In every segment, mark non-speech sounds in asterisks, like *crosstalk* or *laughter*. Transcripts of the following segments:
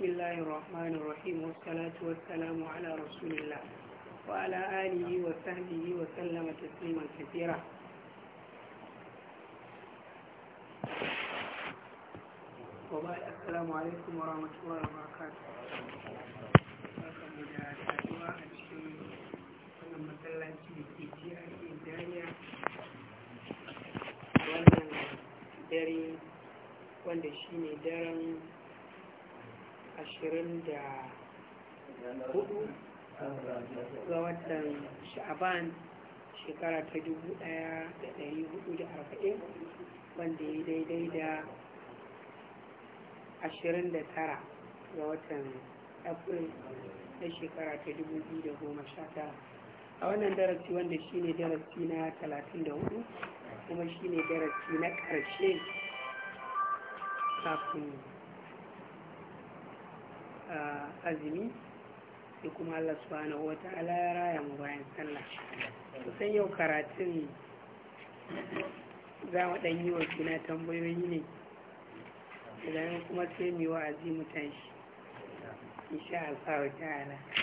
بسم الله الرحمن الرحيم والصلاة والسلام على رسول الله وعلى آله وصحبه وسلم تسليما كثيرا وبعد السلام عليكم ورحمة الله وبركاته dare wanda shi ne daren ashirin da hudu ga watan sha'aban shekara ta dubu daya da dari hudu da arba'in wanda ya daidai da ashirin da tara ga watan april na shekara ta dubu biyu da goma sha tara a wannan darasi wanda shine darasi na talatin da hudu kuma shine darasi na karshe kafin azumi sai kuma Allah subhanahu wa ta'ala ya raya mu bayan sallah kusan yau karatun za mu ɗan yi wa juna tambayoyi ne idan kuma sai mu yi wa'azi mu tashi insha Allah ta'ala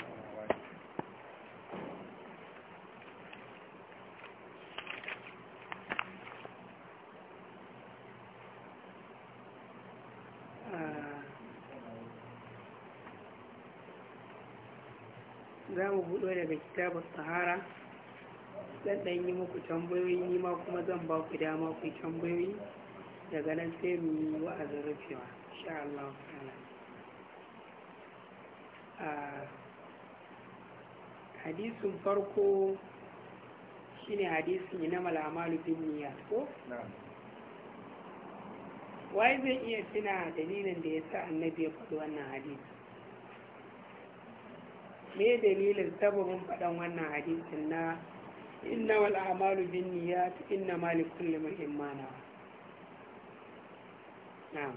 za mu buɗo daga kitabar sahara zan ɗan yi muku tambayoyi ni ma kuma zan ba ku dama ku tambayoyi daga nan sai mu yi wa'azin rufewa insha Allah ta'ala farko, hadisin farko shine hadisin na malamalu bin niyya ko wai zai iya tuna dalilin da ya sa annabi ya faɗi wannan hadisi me dalilin sababin faɗan wannan hadisin na inna wal amalu bin niyyat inna ma li kulli mar'in ma nawa na'am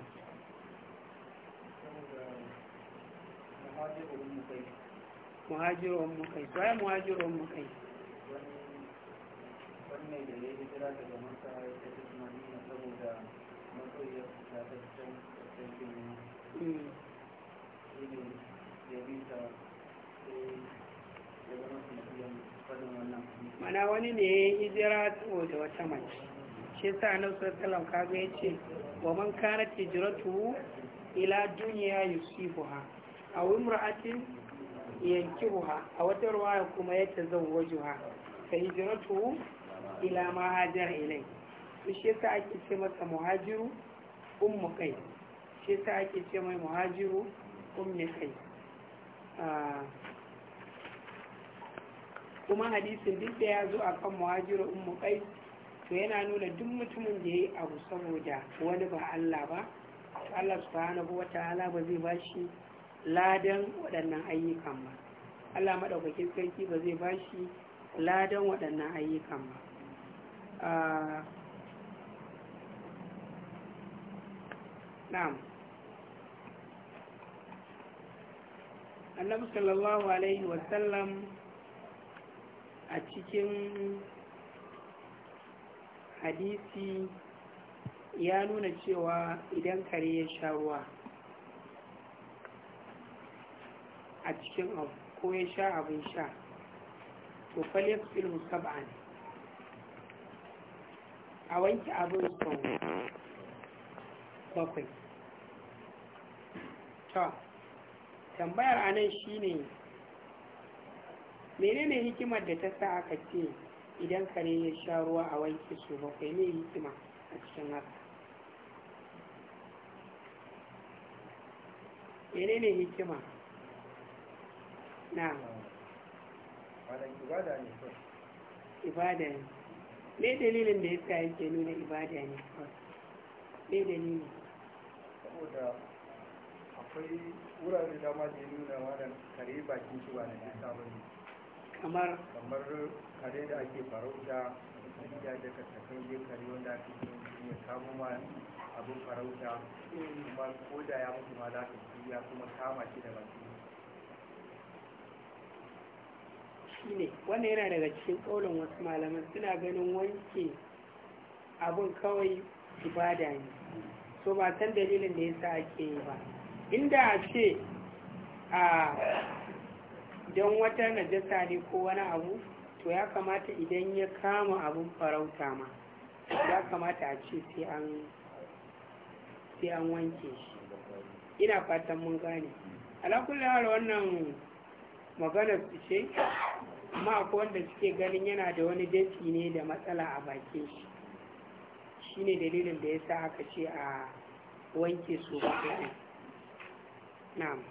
muhajirun mu kai sai muhajirun mu kai wannan da ya hijira daga masa ya tafi madina saboda masoyiyar ta ta can ta can shi ne ya bi ta mana wani ne ya yi hijira saboda wata mace shi sa na sallam kaga ya ce wa man kana hijratu ila duniya a yusifuha aw yanki buha a wata ruwa kuma ya tazawwajuha fa hijratu ila ma hajara ilai to shi sa ake ce masa muhajiru mu kai shi sa ake ce mai muhajiru mu kai kuma hadisin duk da ya zo a kan muhajiru ummu kai to yana nuna duk mutumin da ya yi abu saboda wani ba Allah ba to Allah subhanahu wa ta'ala ba zai ba shi ladan waɗannan ayyukan ba Allah maɗaukakin sarki ba zai ba shi ladan waɗannan ayyukan ba ah, na'am annabi sallallahu alaihi wasallam a cikin hadisi ya nuna cewa idan kare ya sha ruwa a cikin abu ko ya sha abin sha to falif ilmu sab'an a wanke abin sau bakwai Ta. tambayar anan shine menene hikimar da ta sa aka ce idan kare ya sha ruwa a wanke su bakwai ne hikima a cikin haka menene hikima na ibada ne ibada ne me dalilin da ya sa yake nuna ibada ne me dalilin saboda akwai wurare dama da ya nuna wannan kare bakin shi ba na ya saba ne kamar kamar kare da ake farauta da da ka tafi kare wanda ake ya kama ma abin farauta kuma ko da ya mutu ma za ka ya kuma kama shi da baki shine wannan yana daga cikin kaulin wasu malaman suna ganin wanke abin kawai ibada ne so ba san dalilin da yasa ake yi ba inda a ce a idan wata najasa ne ko wani abu to ya kamata idan ya kama abun farauta ma ya kamata a ce sai an wanke shi ina fatan mun gane alakulli har wannan maganar su ce amma akwai wanda suke ganin yana da wani dafi ne da matsala a bakin shi shine dalilin da ya sa aka ce a wanke su ba na'am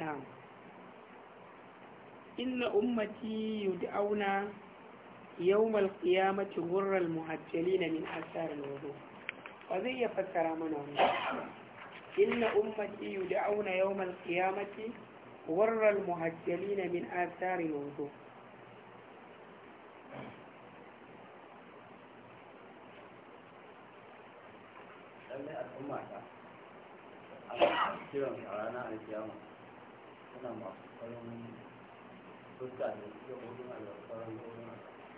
نعم إن أمتي يدعون يوم القيامة غر المهجلين من آثار الوضوء وذي يفسر من إن أمتي يدعون يوم القيامة غر المهجلين من آثار الوضوء lallai al'umma ta a kiran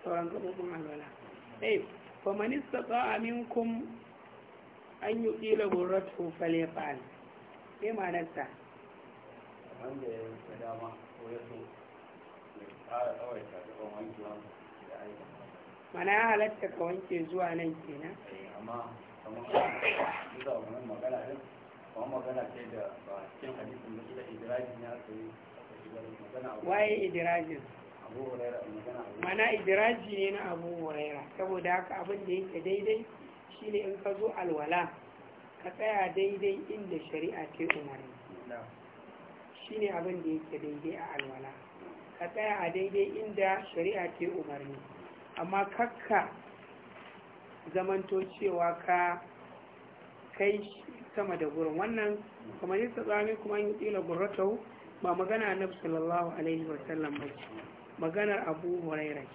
sauran gaɓoɓin alwala ɗaya famanista ba a minkum an yi ƙila burratu falefal ɗai manarta wanda ya yi dama ko ya so ya ƙara wanki aiki mana ya halatta ka wanke zuwa nan kenan eh, amma kamar magana waye idirajin mana idiraji ne na abu huraira saboda haka abin da yake daidai shine in ka zo alwala ka tsaya daidai inda shari'a ke umarni shine abin da yake daidai a alwala ka tsaya a daidai inda shari'a ke umarni amma kakka zamanto cewa ka kai sama da gurin wannan kuma yi tsakanin kuma yi tsila gurratau ba magana na sallallahu alaihi wa sallam ba maganar abu hurairah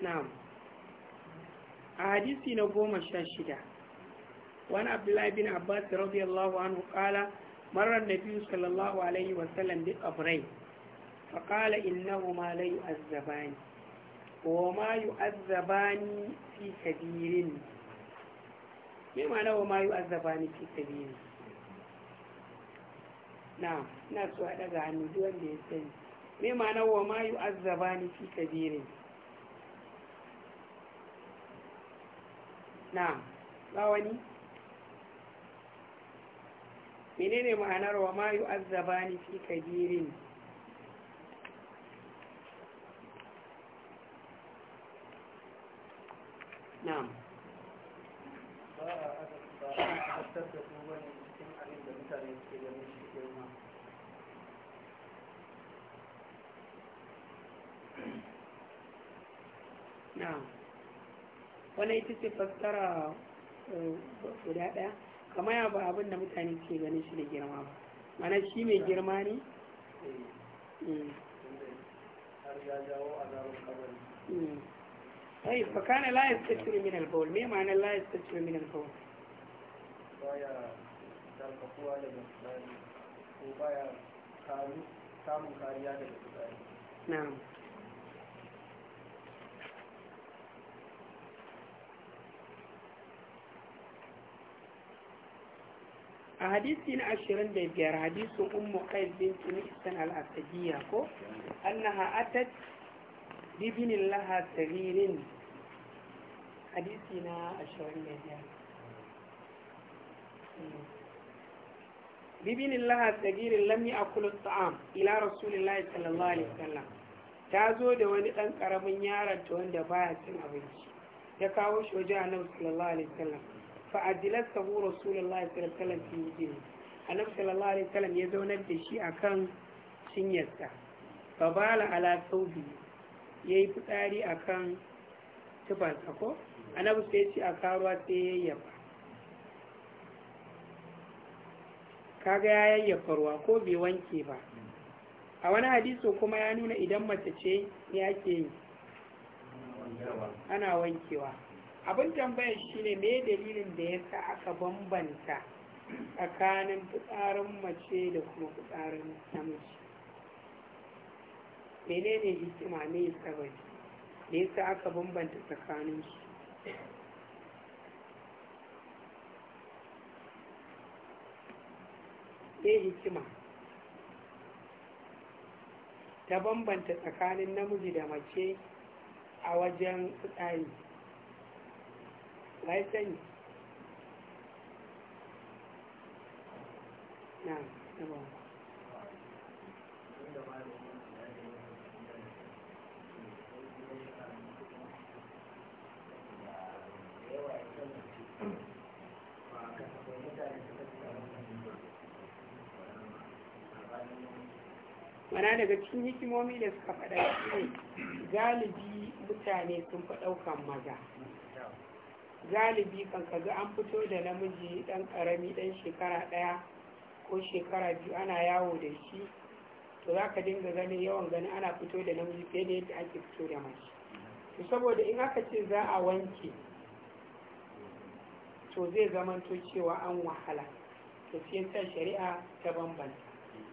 na'am a hadisi na goma sha shida wani abdullahi bin abbas radiyallahu anhu kala marar nabi sallallahu alaihi wa sallam bi qabrai fa qala innahuma la yu'azzabani wa ma yu'azzabani fi kabirin me ma'ana wa mayu azzabani fi sabili na na so a daga hannu duk wanda ya sani me ma'ana wa mayu azzabani fi sabili na ba wani menene ma'anar wa mayu azzabani fi kabirin na'am tattattu ba ne cikin abin da mutane suke ganin shi girma wani ita ce fassara eh, guda ɗaya kamar ya ba abin da mutane suke ganin shi da girma ba mana shi mai girma ne طيب فكان لا يستتر bawl, me ما معنى لا يستتر من bawl. baya sarkafuwa daga fitsari ko baya samun kariya daga fitsari na'am a hadisi na ashirin da biyar hadisin ummu qais bint nisan al-asadiya ko annaha atat bibin laha sagirin hadisi na ashirin da biyar bibin Allah tsagirin lam a akulu ta'am ila rasulullahi sallallahu alaihi wasallam ta zo da wani ɗan ƙaramin yaron ta wanda baya cin abinci ya kawo shi waje annabi sallallahu alaihi wasallam fa ajilasta hu rasulullahi sallallahu alaihi wasallam fi annabi sallallahu alaihi wasallam ya zaunar da shi akan cinyarsa fa bala ala saubi yayi fitsari akan tufansa ko annabi sai ya ce a karuwa sai ya yaba kaga ya yayyafa ruwa ko bai wanke ba a wani hadiso kuma ya nuna idan mace ce ya ke yi ana wankewa abin tambayar shine me dalilin da ya sa aka bambanta tsakanin fitsarin mace da kuma fitsarin namiji menene hikima ne sabai da ya sa aka bambanta tsakaninsu sai hikima ta bambanta tsakanin namiji da mace a wajen tsari laifin na ɗaba mana daga cikin hikimomi da suka faɗa shi galibi mutane sun fi ɗaukan maza galibi kan kaga an fito da namiji ɗan ƙarami ɗan shekara ɗaya ko shekara biyu ana yawo da shi to za ka dinga gani yawan gani ana fito da namiji fiye da yadda ake fito da mace to saboda in aka ce za a wanke to zai zamanto cewa an wahala to sai shari'a ta bambanta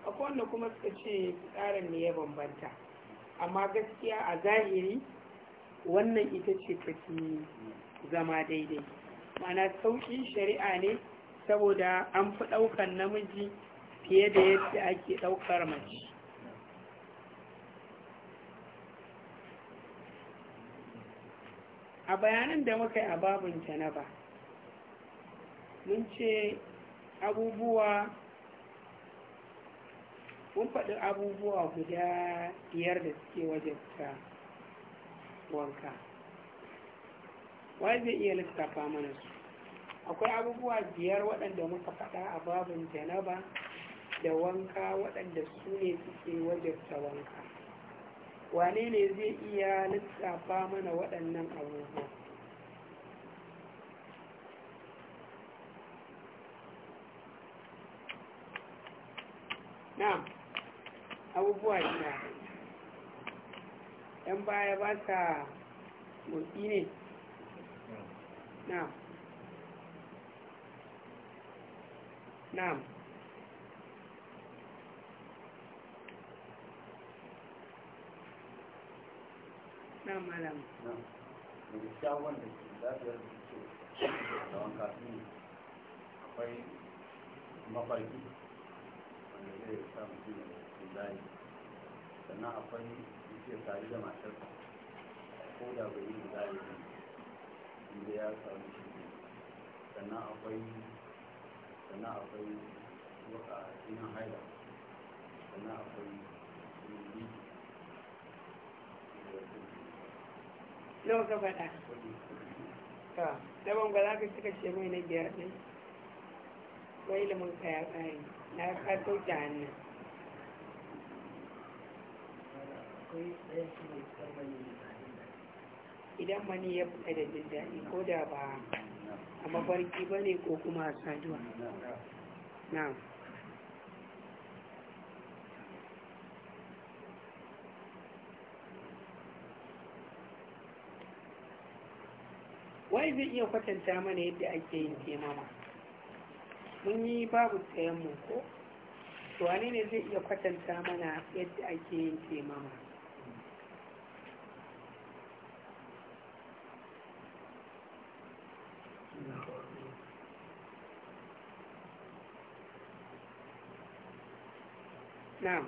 akwai wanda kuma suka ce tsarin ne ya bambanta amma gaskiya a zahiri wannan ita ce tafi zama daidai mana sauƙin shari'a ne saboda an fi ɗaukar namiji fiye da yadda ake ɗaukar mace a bayanan da muka yi a babin janaba mun ce abubuwa mun faɗi abubuwa guda biyar da suke wajabta wanka wai zai iya lissafa mana su akwai abubuwa biyar waɗanda muka faɗa a babin janaba da wanka waɗanda su ne suke ta wanka wane ne zai iya lissafa mana waɗannan abubuwa na'am abubuwa ina yan baya ba sa motsi ne na'am na'am na'am malam na'am da ke da ke da wanka akwai mafarki sannan akwai yake tare da matar ko da bai yi da zai inda ya samu shi sannan akwai sannan akwai haila sannan akwai ka faɗa ba za ka cika ce mai na biyar ɗin wai ilimin ka ya ƙare na ka tó jà idan mani ya fita da jin daɗi ko da ba a mafarki ba ne ko kuma a saduwa na wai zai iya kwatanta mana yadda ake yin temama mun yi babu mu ko to wane ne zai iya kwatanta mana yadda ake yin taimama na'am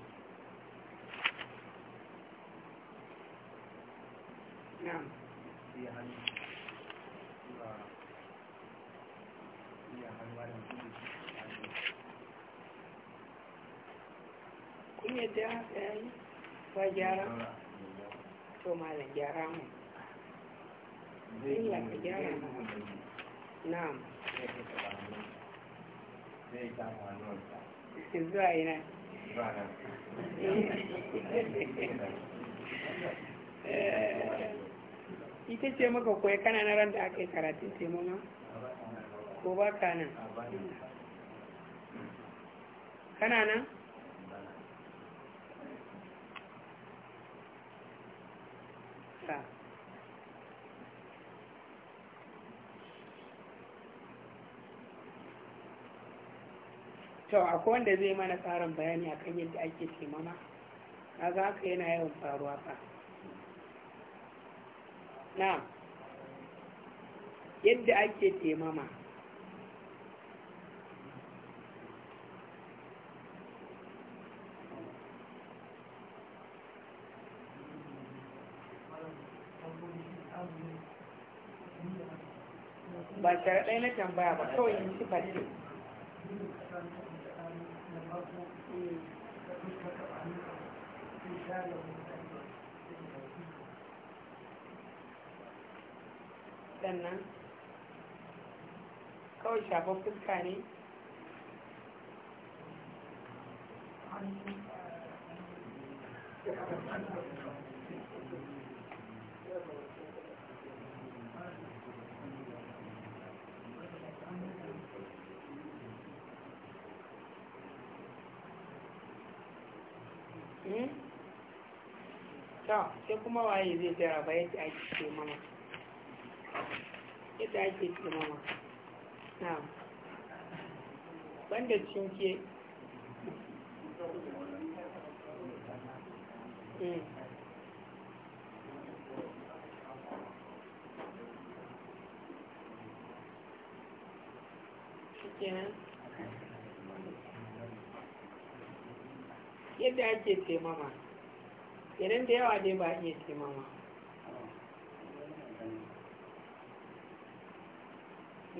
kun yadda ba gyara to gyara mu ka gyara mu na'am zuwa *laughs* *laughs* ita ce maka koyi kana na ran da aka yi karatun taimama ko ba ka nan kana nan to akwai wanda zai mana tsarin bayani akan yadda ake taimama za haka yana yawan faruwa fa na yadda ake taimama ba ɗaya na tambaya ba kawai yin suka ce Thank hmm. you. waɗannan kawai shafa fuska ne hmm? ta sai kuma waye zai jaraba yadda ake ce mama yadda ake tsimama na banda cinke hmm. yadda ake taimama idan da yawa dai ba a iya taimama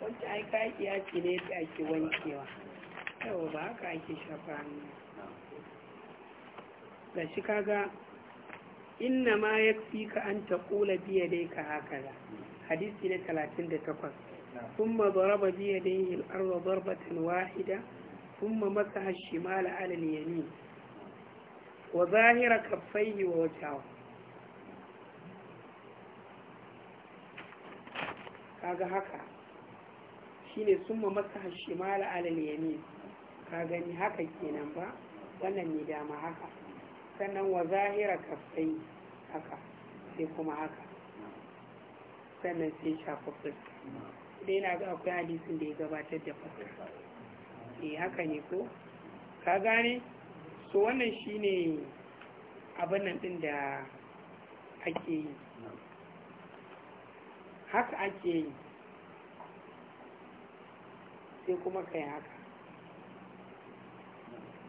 wacce ai kaki ake ne ta ake wankewa yau ba haka ake shafa hannu da shi kaga inna ma ya fi ka an ta kula biya dai ka haka da hadisi na 38 sun ma zaraba biya dai al'arwa zarbatan wahida sun ma masa hashimala alal yamin wa zahira kafaihi wa wajahu kaga haka shine summa masaha shimala ala yamin ka gani haka kenan ba wannan ne dama haka sannan wa zahira kafaihi haka sai kuma haka sannan sai shafa fuska dai na ga akwai hadisin da ya gabatar da fuska eh haka ne ko ka gane To wannan shine abin nan din da ake yi haka ake yi sai kuma ka yi haka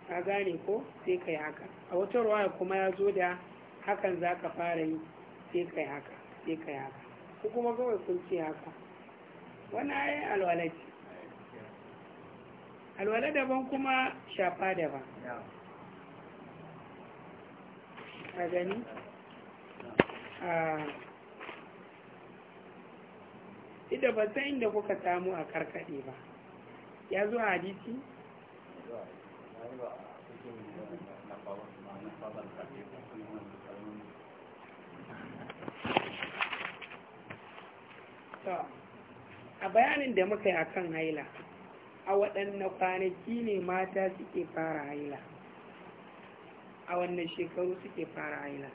ka gane ko sai ka yi haka a wata ruwa kuma ya zo da hakan za ka fara yi sai ka yi haka sai ka yi haka ko kuma kawai kun ce haka wani ayi alwala ce alwala daban kuma shafa daban gani ida ba yi inda kuka samu a karkaɗe ba ya zo a a bayanin da muka yi a kan haila a waɗanne kwanaki ne mata suke fara haila a wannan shekaru suke fara aina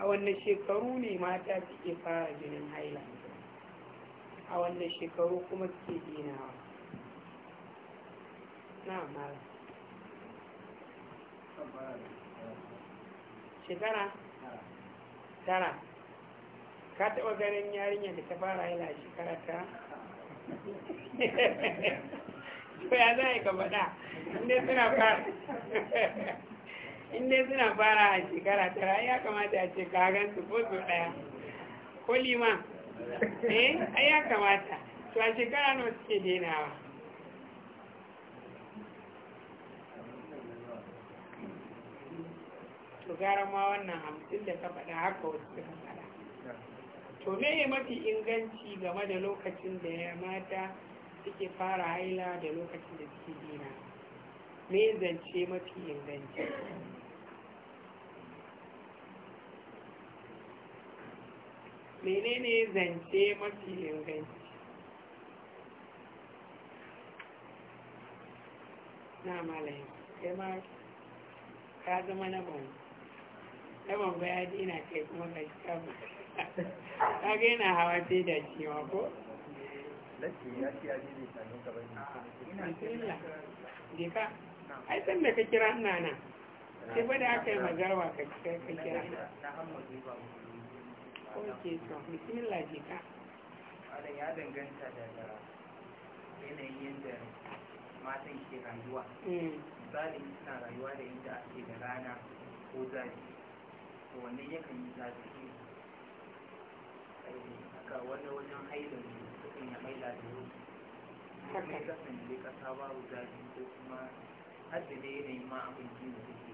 a wannan shekaru ne mata suke fara jinin haila a wannan shekaru kuma suke dinawa na mara shekara tara ka taɓa ganin yarinya da ta fara yana shekara ta to ya za a yi ka faɗa inda suna fara inda suna fara a shekara tara ya kamata a ce kagan su ko su ɗaya ko lima eh ai ya kamata to a shekara nawa suke denawa to gara ma wannan hamsin da ka faɗa haka wasu suka faɗa to me mafi inganci game da lokacin da ya mata suke fara haila da lokacin da suke dina me zance mafi inganci menene zance mafi inganci na malayi ya ma ka zama na bambu na bambu ya dina kai kuma ka shi kaga na hawa sai da shi ma ko Dika, ai san da ka kira ina nan, sai ba da aka yi magarwa ka kira. Oke, so, bismillah dika. Wanda ya danganta daga yanayin da matan ke rayuwa. Mm. Misali suna rayuwa da inda ake da rana ko zafi, to wannan yakan yi zafi haka wani wajen hailin sukan ya maila da yau kuma ya kasance kasa babu zafi ko kuma har da dai yanayin ma abinci da suke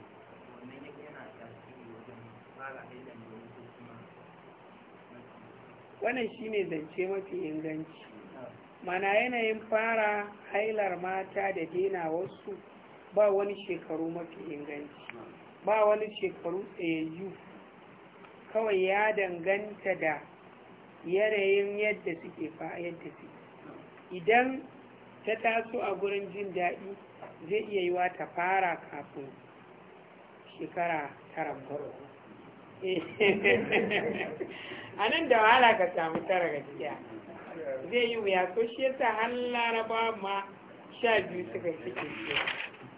wannan yana tasiri wajen fara hailin da yau ko kuma wannan shine zance mafi inganci mana yanayin fara hailar mata da dena wasu ba wani shekaru mafi inganci ba wani shekaru tsayayyu kawai ya danganta da yanayin yadda suke fa yadda su idan ta taso a gurin jin daɗi zai iya yi wa ta fara kafin shekara tara farko a nan da wahala ka samu tara gaskiya zai yi wuya ko shi yasa har laraba ma sha biyu suka cike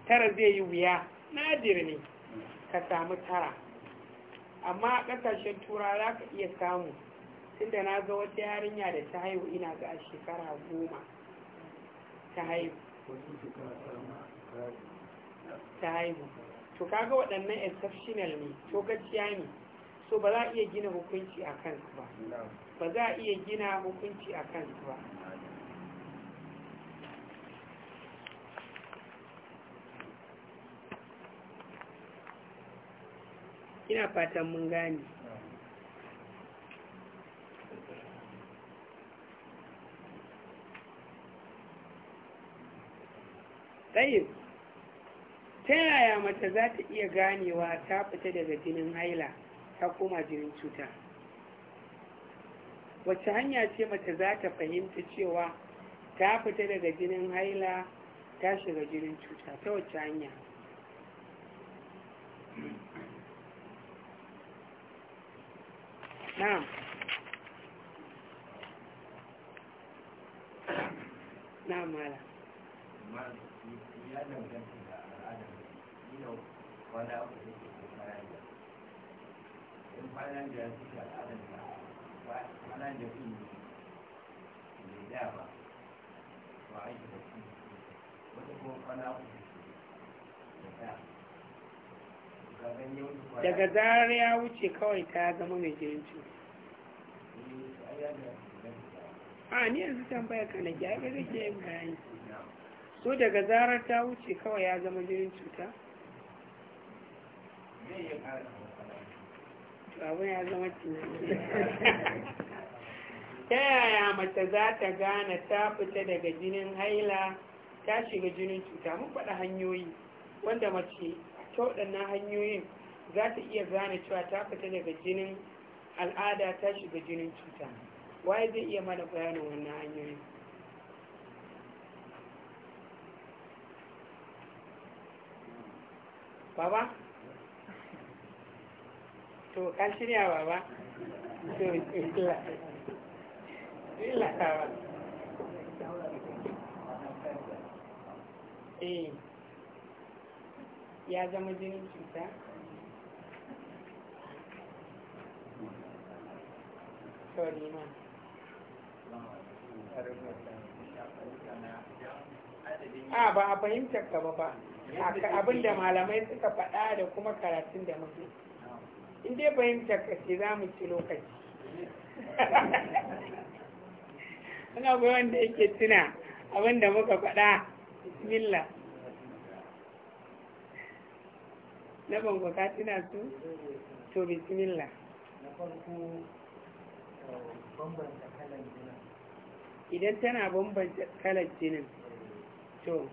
tara zai yi wuya Na ne ka samu tara amma a ƙasashen tura za ka iya samu tunda na ga wata yarinya da ta haihu ina ga a shekara goma ta haihu ta haihu to kaga waɗannan exceptional ne to gaciya ne so ba za a iya gina hukunci a kansu ba ba za a iya gina hukunci a kansu ba ina fatan mun gane tsayin ta yaya mace za ta iya ganewa ta fita daga jinin haila ta koma jinin cuta wacce hanya ce mace za ta fahimta cewa ta fita daga jinin haila ta shiga jinin cuta ta wacce hanya na'am na'am mala daga zarar ya wuce kawai ta zama mai jirin eh, a ni yanzu tambaya ka na gyara da ke yin bayani so daga zarar ta wuce kawai ya zama jinin cuta abin ya zama *laughs* ta yaya mace za ta gane ta fita daga jinin haila ta shiga jinin cuta mun faɗa hanyoyi wanda mace ta waɗannan hanyoyin za ta iya gane cewa ta fita daga jinin al'ada ta shiga jinin cuta waye zai iya mana bayanin wannan hanyoyin baba to ka shirya baba to illa eh ya zama jinin cuta sorry ma a ah, ba a fahimtar ka ba ba abin da malamai suka faɗa da kuma karatun da muke in dai fahimta ka ce za mu ci lokaci ana akwai wanda yake tuna abin da muka faɗa bismillah na bango ka tuna su to bismillah idan tana bambanta kalar jinin to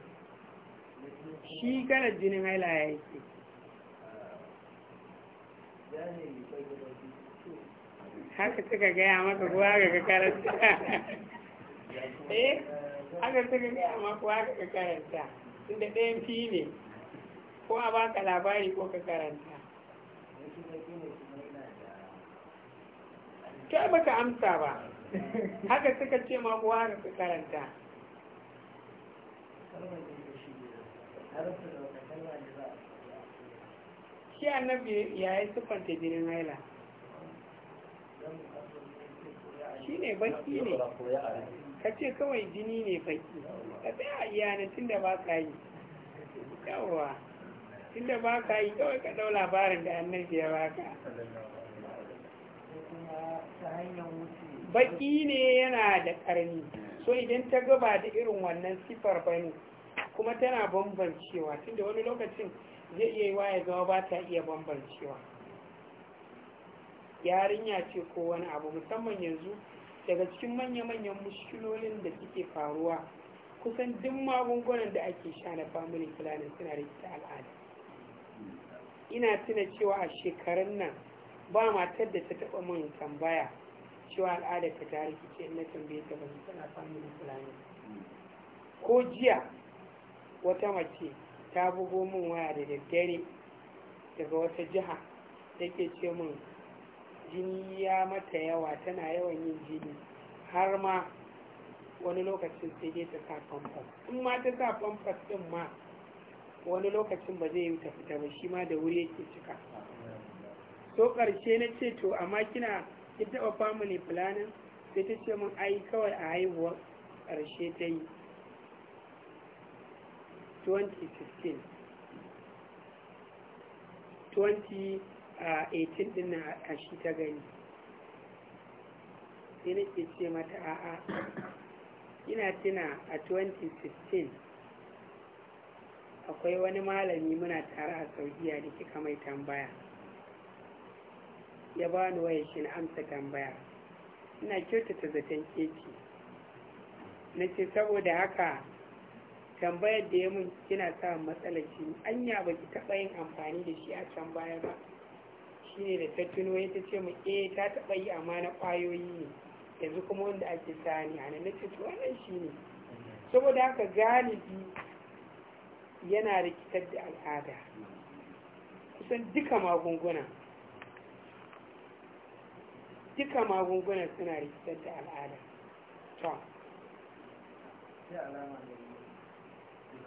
shi kalar jinin haila ya yi haka suka gaya maka kuwa ga ka karanta eh haka suka gaya maka kuwa ga ka karanta tunda ɗayan fi ne ko a baka labari ko ka karanta kai baka amsa ba haka suka ce ma kuwa ga ka karanta shi annabi ya yi siffanta jirin haila shi ne baki ne ka ce kawai jini ne baki ka tsaya a iyana tun da ba ka yi yawwa tun da ba ka yi kawai ka ɗau labarin da annabi ya ba ka. baki ne yana da ƙarni so idan ta gaba da irin wannan siffar bani. kuma tana bambancewa da wani lokacin zai iya yi ya zama ba ta iya bambancewa yarinya ce ko wani abu musamman yanzu daga cikin manya-manyan mushkilolin da suke faruwa kusan duk magungunan da ake sha na family planning suna ita al'ada ina tuna cewa a shekarun nan ba matar da ta taɓa min tambaya cewa al'ada ta tarihi ce na tambaye ta ba tana family planning ko jiya wata mace ta bugo min waya da daddare daga wata jiha ke ce min jini ya mata yawa tana yawan yin jini har ma wani lokacin sai dai ta sa famfas in ma ta sa famfas din ma wani lokacin ba zai yi ta fita ba shi ma da wuri yake cika so karshe na ce to amma kina ki taɓa family planning sai ta ce min ai kawai a haihuwar ƙarshe ta yi 2015 2018 uh, din na a shi ta gani sai nake ce mata a'a ina tuna a 2016 akwai wani malami muna tare a saudiya da kika mai tambaya ya ba ni waya shi na amsa tambaya ina kyautata zaton keci na ce saboda haka tambayar da ya mun kina samun matsalar jini anya ba ki taɓa yin amfani da shi a can baya ba shi ne da ta tuno ya ta ce mu eh ta taɓa yi amma na kwayoyi ne yanzu kuma wanda ake sani a nan na to wannan shi ne saboda haka galibi yana rikitar da al'ada kusan duka magunguna duka magunguna suna rikitar da al'ada to alama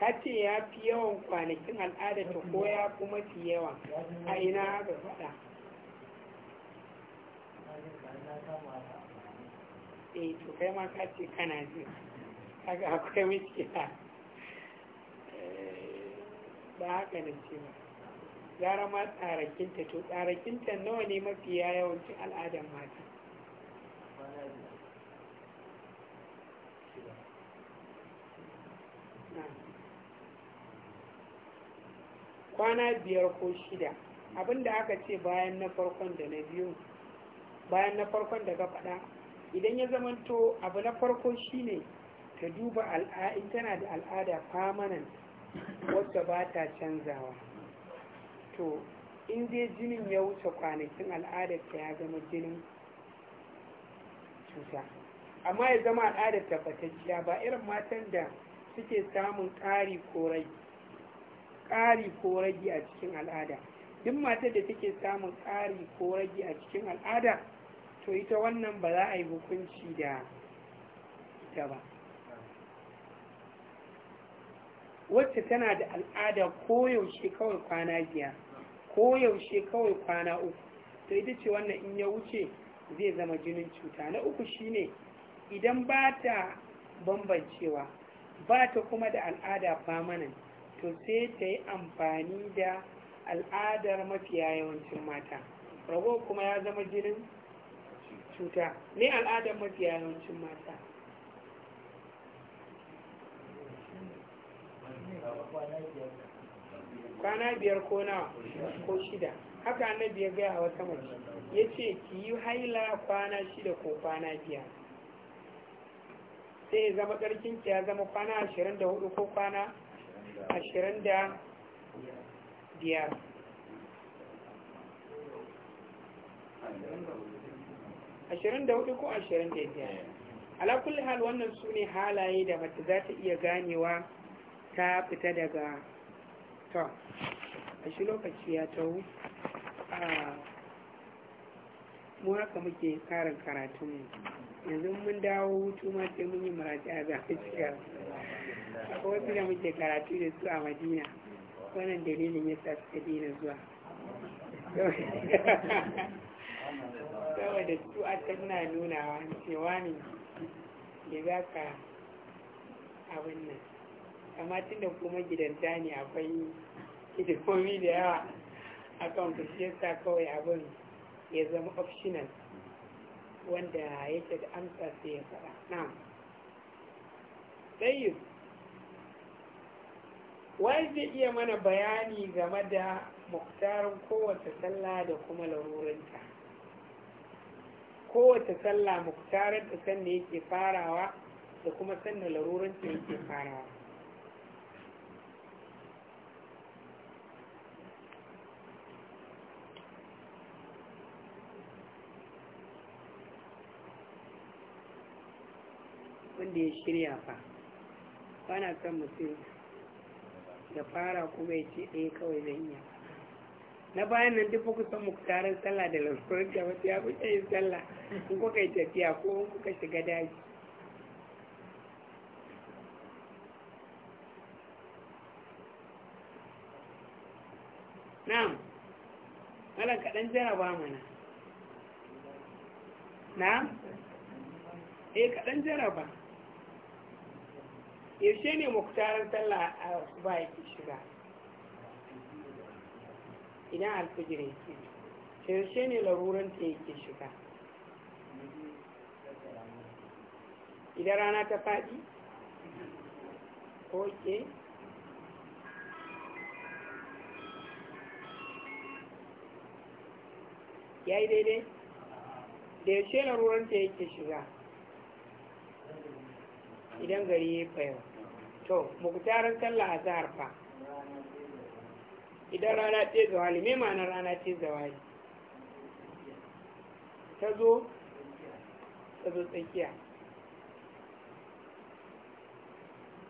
ka ce ya fi yawan kwanakin al'ada ta ko ya kuma fi yawa a ina ga faɗa e to kai ma ka ce kana ji kaga akwai miskila eh, ba haka na ce ba gara ma tsarakinta to tsarakinta nawa ne mafi yawancin al'adar mata kwana biyar ko shida abinda aka ce bayan na farkon da na biyu bayan na farkon da ka faɗa idan ya zamanto abu na farko shine ka duba tana da al'ada famanan wadda ba ta canzawa to in dai jinin ya wuce kwanakin al'adarta ya zama jinin cuta amma ya zama al'adar tabbatacciya ba irin matan da suke samun ƙari ko rai ƙari ko ragi a cikin al'ada duk matar da take samun ƙari ko ragi a cikin al'ada to ita wannan ba za a yi hukunci da ita ba wacce tana da al'ada koyaushe kawai kwana biyar koyaushe kawai kwana uku to ita ce wannan in ya wuce zai zama jinin cuta na uku shine idan ba ta bambancewa ba ta kuma da al'ada famanan to sai ta yi amfani da al'adar mafiya yawancin mata rago kuma ya zama jinin cuta ne al'adar mafiya yawancin mata kwana biyar ko nawa ko shida haka annabi ya gaya wata mace ya ce ki yi haila kwana shida ko kwana biyar sai ya zama ƙarfinki ya zama kwana ashirin da hudu ko kwana ashirin da biyar ashirin da hudu ko ashirin da biyar alakul hal wannan su ne halaye da mace za ta iya ganewa ta fita daga to a shi lokaci ya tau mu haka muke karin karatunmu yanzu mun dawo hutu ma sai mun yi muraja a cika akwai wasu da muke karatu da su a madina wannan dalilin ya sa suka daina zuwa saboda su a na nunawa cewa ne da za ka abin nan amma tun da kuma gidanta ne akwai komi da yawa akan kusurta kawai abin ya zama optional wanda yake da amsa sai ya faɗa na'am tsayi wani zai iya mana bayani game da muktarin kowace sallah da kuma larurinta kowace sallah muktarin ta sanda yake farawa da kuma sannan larurinta yake farawa wanda ya shirya fa ba na son mutum da fara kuma ya ce ɗaya eh, kawai zan iya na bayan nan duk kuka san tarin sallah da lalurar da wasu ya fi yin sallah in kuka yi tafiya ko in kuka shiga daji na'am malam kaɗan ba mana na'am eh kaɗan ba yaushe ne muktarar sallah a ba shiga idan alfijir yake yaushe ne laruran ta yake shiga idan rana ta faɗi oke ya yi daidai da yaushe laruran ta yake shiga idan gari ya fayawa to muktarar sallah azhar fa idan rana ce zawali me ma'anar rana ce zawali ta zo ta zo tsakiya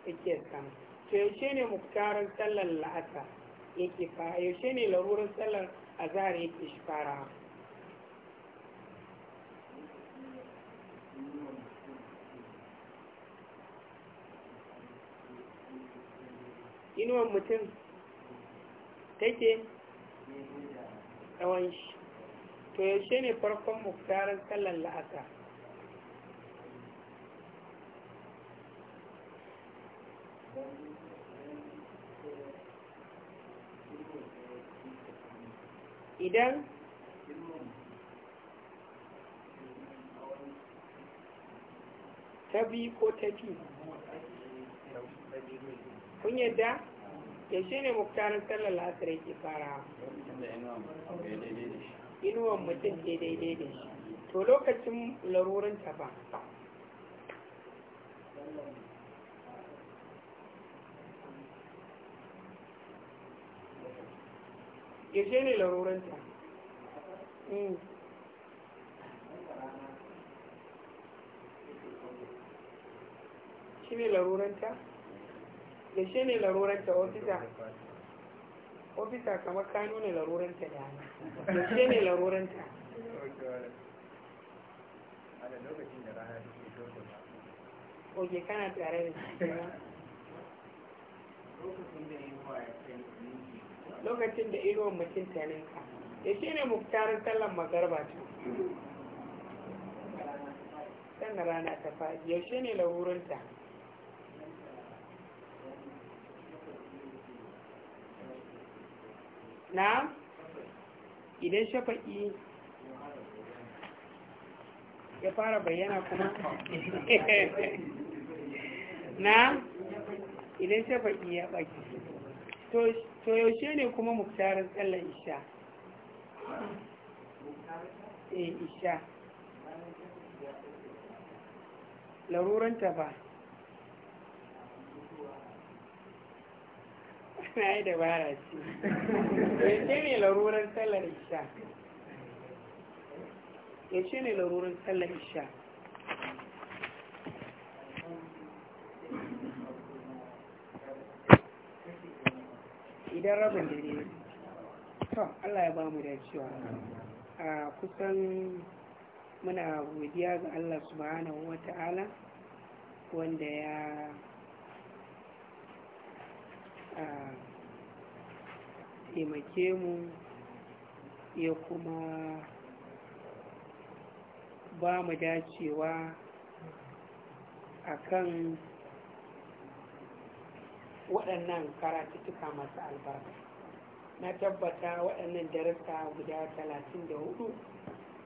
tsakiyar sama to yaushe ne taron sallar la'asa yake fa yaushe ne larurar sallar azhar yake shi farawa inuwan mutum take tsawon shi to yaushe ne farkon muktarin kallon la'asa idan ta bi ko ta fi kun yadda yaushe ne muktarin sallar la'asar ke fara inuwan mutum ke daidai da shi to lokacin larurin ta ba yaushe ne larurin ta hmm. shi ne larurin ta yaushe ne laruranta ofisa ofisa kamar kano ne laruranta da hannu yaushe ne laruranta oke kana tare da shi, lokacin da inuwan mutum taninka yaushe ne muktarin tallan magarba sannan rana ta faɗi yaushe ne laruranta na idan shafa'i ya fara bayyana kuma *laughs* na idan shafa'i ya baki to yaushe ne kuma muktarin tsallar isha eh isha laruranta ba na dabara ce idan rabin da to allah ya ba mu da cewa a kusan muna godiya ga allah subhanahu wa ta'ala wanda ya a taimake mu ya kuma ba mu dacewa a kan waɗannan karatuttuka masu albarka na tabbata waɗannan darasa guda talatin da hudu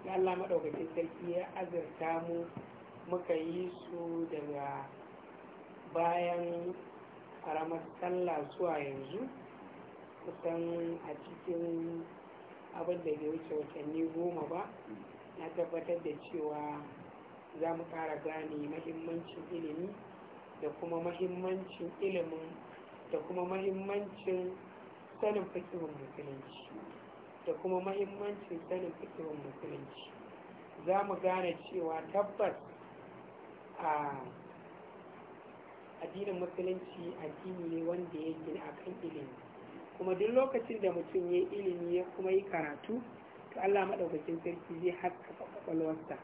da allama ɗaukacin sarki ya azurta mu muka yi su daga bayan karamar sallah zuwa yanzu kusan a cikin abin da bai wuce watanni goma ba na tabbatar da cewa za mu ƙara gane mahimmancin ilimi da kuma mahimmancin ilimin da kuma mahimmancin sanin fikihun musulunci da kuma mahimmancin sanin fikihun musulunci za mu gane cewa tabbas a addinin musulunci addini ne wanda ya gina akan ilimi kuma duk lokacin da mutum ya ilimi ya kuma yi karatu to Allah maɗaukakin sarki zai haskaka kwakwalwarsa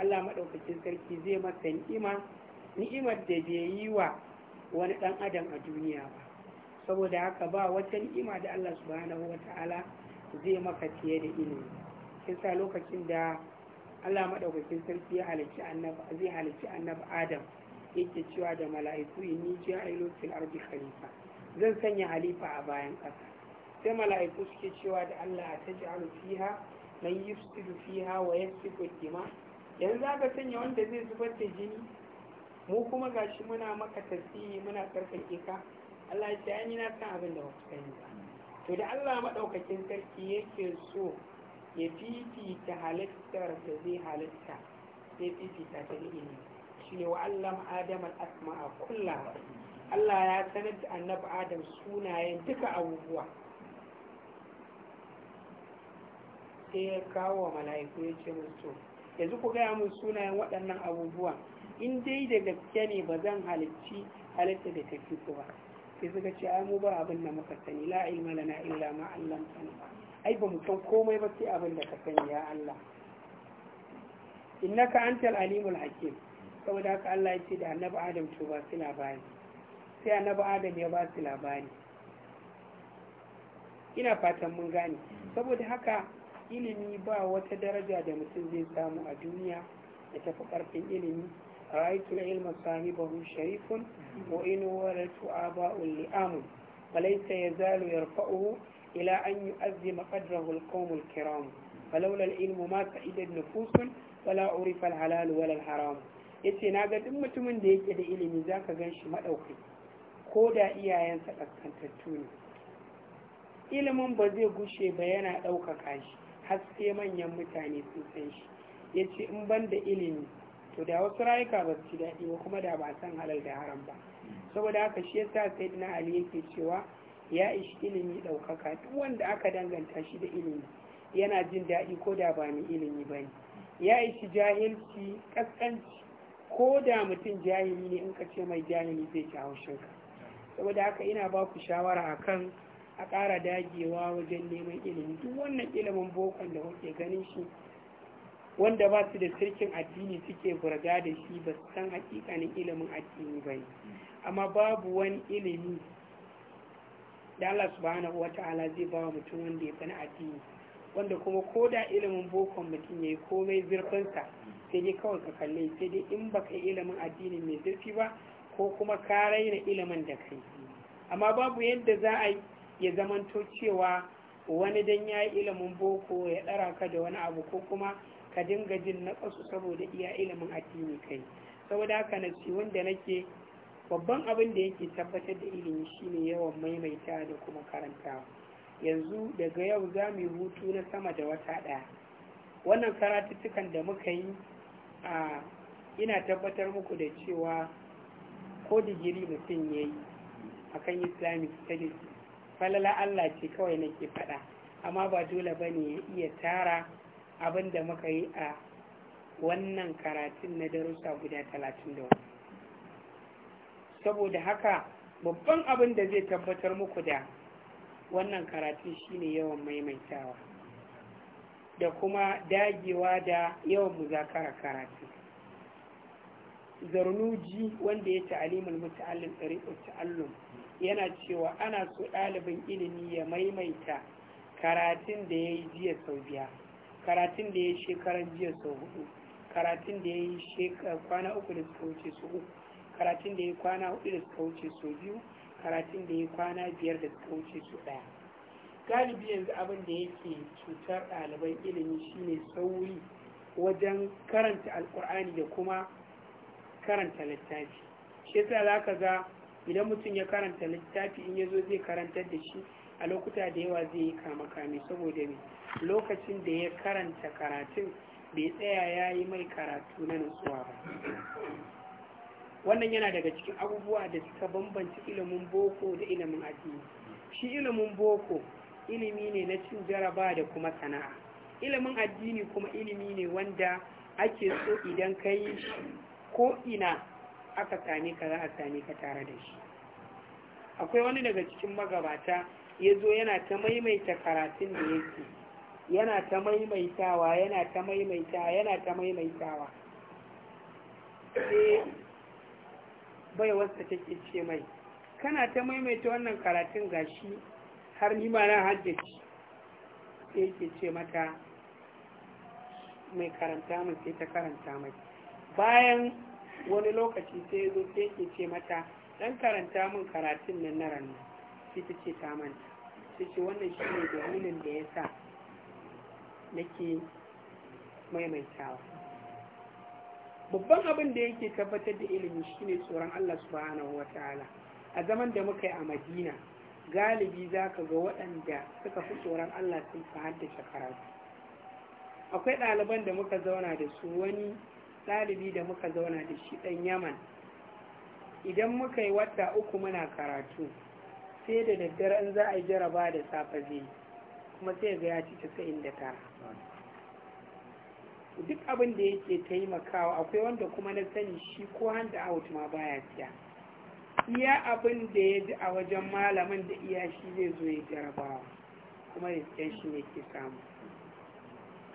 Allah maɗaukakin sarki zai masa ni'ima ni'imar da bai yi wa wani ɗan adam a duniya ba saboda haka ba wata ni'ima da Allah subhanahu ta'ala zai maka fiye da ilimi Kin sa lokacin da Allah maɗaukakin sarki ya halicci annabi zai halicci annabi Adam yake cewa da mala'iku a ja'ilu fil ardi khalifa zan sanya halifa a bayan kasa sai mala'iku suke cewa da Allah a ja'alu fiha man yufsidu fiha wa yasfiku dima yanzu aka sanya wanda zai zubar da jini mu kuma gashi muna maka tasiri muna karkake ka Allah ya ce na san abin da ba ku sani ba to da Allah madaukakin sarki yake so ya fifita halittar da zai halitta sai fifita ta ilimi shi ne wa'allam adam al a kullaha Allah ya sanar da annabi adam sunayen duka abubuwa sai ya kawo wa mala'iku ya ce musu yanzu ku gaya mun sunayen waɗannan abubuwa in dai da gaske ne ba zan halicci halitta da tafi ku ba sai suka ce ai mu ba abin da muka sani la ilma lana illa ma sani ai ba mu san komai ba sai abin da ka sani ya Allah innaka antal alimul hakim saboda haka Allah ya ce da annabi Adam ya ba su labari ina fatan mun gane saboda haka ilimi ba wata daraja da mutum zai samu a duniya da tafi karfin ilimi aikin ra'aytu ilm sahibahu sharifun wa in waratu aba'ul li'am falaysa yazalu yarfa'uhu ila an yu'azzima qadrahu al-qawmul kiram falawla al-ilmu ma sa'ida an-nufus wala urifa al wala al ya ce na ga duk mutumin da yake da ilimi za ka gan shi maɗaukai ko da iyayensa ƙasƙantattu ne ilimin ba zai gushe ba yana ɗaukaka shi har manyan mutane sun san shi ya ce in ban da ilimi to da wasu rayuka ba su ci daɗi ba kuma da ba san halal da haram ba saboda haka shi yasa sayyidina ali yake cewa ya ishi ilimi ɗaukaka duk wanda aka danganta shi da ilimi yana jin daɗi ko da ba mai ilimi ba ne ya ishi jahilci ƙasƙanci ko da mutum jahili ne in ka ce mai jahili zai ci haushinka saboda haka ina ba ku shawara kan a ƙara dagewa wajen neman ilimi duk wannan ilimin bokon da kuke ganin shi wanda ba su da sirkin addini suke burga da shi ba su san hakikanin ilimin addini ba amma babu wani ilimi da Allah subhanahu wata'ala zai ba wa mutum wanda ya sani addini wanda kuma ko da ilimin bokon mutum ya yi komai zurfinsa sai dai kawai ka kalle sai dai in baka yi ilimin addini mai zurfi ba ko kuma ka raina ilimin da kai amma babu yadda za a ya zamanto cewa wani dan ya yi ilimin boko ya ɗara ka da wani abu ko kuma ka dinga jin na saboda iya ilimin addini kai saboda haka na ci wanda nake babban abin da yake tabbatar da ilimi shine yawan maimaita da kuma karantawa yanzu daga yau za mu yi hutu na sama da wata ɗaya wannan karatuttukan da muka yi a ina tabbatar muku da cewa ko digiri mutum ya yi a kan islamic studies falala allah ce kawai nake faɗa amma ba dole ba ne ya iya tara abin da muka yi a wannan karatun na darussa guda talatin da wani saboda haka babban abin da zai tabbatar muku da wannan karatun shine yawan maimaitawa da kuma dagewa da yawan muzakara karatu zarnuji wanda ya ta'alimul muta'allim tsariƙar ta'allum yana cewa ana so ɗalibin ilimi ya maimaita karatun da ya yi jiya sau biya karatun da ya yi shekaran jiya sau hudu karatun da ya yi kwana uku da suka wuce su uku karatun da ya yi kwana hudu da suka wuce su biyu karatun da ya yi kwana biyar da suka wuce su ɗaya galibi yanzu abin da yake cutar ɗaliban ilimi shine sauri wajen karanta alkur'ani da kuma karanta littafi shi yasa za ka ga idan mutum ya karanta littafi in ya zo zai karantar da shi a lokuta da yawa zai yi kama kame saboda me lokacin da ya karanta karatun bai tsaya ya yi mai karatu na nutsuwa ba wannan yana daga cikin abubuwa da suka bambanci ilimin boko da ilimin addini shi ilimin boko ilimi ne na cin jaraba da kuma sana'a ilimin addini kuma ilimi ne wanda ake so idan ka yi ko ina aka same ka za a same ka tare da shi akwai wani daga cikin magabata ya zo yana ta maimaita karatun da yake yana ta maimaitawa yana ta maimaitawa yana ta maimaitawa sai baiwarsa take ce mai kana ta maimaita wannan karatun gashi har ni ma na haddace sai yake ce mata mai karanta mun sai ta karanta mai bayan wani lokaci sai zo sai yake ce mata dan karanta mun karatun nan na ranar sai ta ce ta manta sai ce wannan shi ne dalilin da ya sa nake maimaitawa babban abin da yake tabbatar da ilimi shine tsoron Allah subhanahu wataala a zaman da muka yi a Madina galibi za ka ga waɗanda suka fi tsoron Allah sun fi haddace karatu akwai ɗaliban da muka zauna da su wani ɗalibi da muka zauna da shi ɗan yaman idan muka yi wata uku muna karatu sai da daddare an za a yi jaraba da safe zai kuma sai ga ya ci casa'in da tara duk abin da yake taimakawa akwai wanda kuma na sani shi ko hand out ma baya siya iya abin da ya ji a wajen malamin da iya shi zai zo ya jarabawa kuma risken shi ne ke samu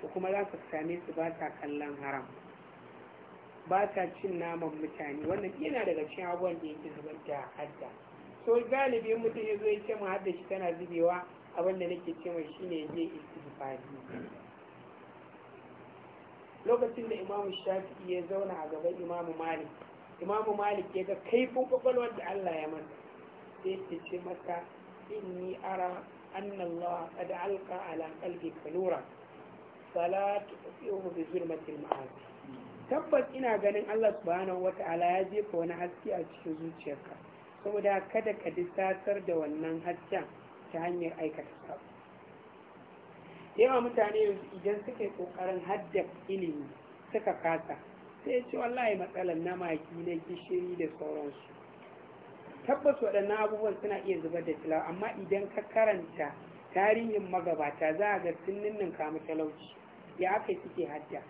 to kuma za ka same su ba ta kallon haram ba ta cin naman mutane wannan yana daga cikin abubuwan da yake zubar da hadda so galibi mutum ya zo ya ce hadda shi tana zubewa abin da nake ce mai shine ya je istighfari lokacin da imamu Shafi ya zauna a gaban imamu malik imamu malik ya ga kaifin kwakwalwar da allah ya manta sai ce ce masa inni ara annallah qad alqa ala qalbika nura Salatu tu'tihi bi zulmatil ma'asi tabbas ina ganin Allah subhanahu Ala ya jefa wani haske a cikin zuciyarka saboda kada ka disasar da wannan hasken ta hanyar aikata sabo yawa mutane yanzu idan suke ƙoƙarin kokarin hadda ilimi suka kasa sai ce wallahi matsalar na maki na gishiri da sauransu tabbas waɗannan abubuwan suna iya zubar da tilawa amma idan ka karanta tarihin magabata za a ga sun nan kamu talauci ya aka suke hajja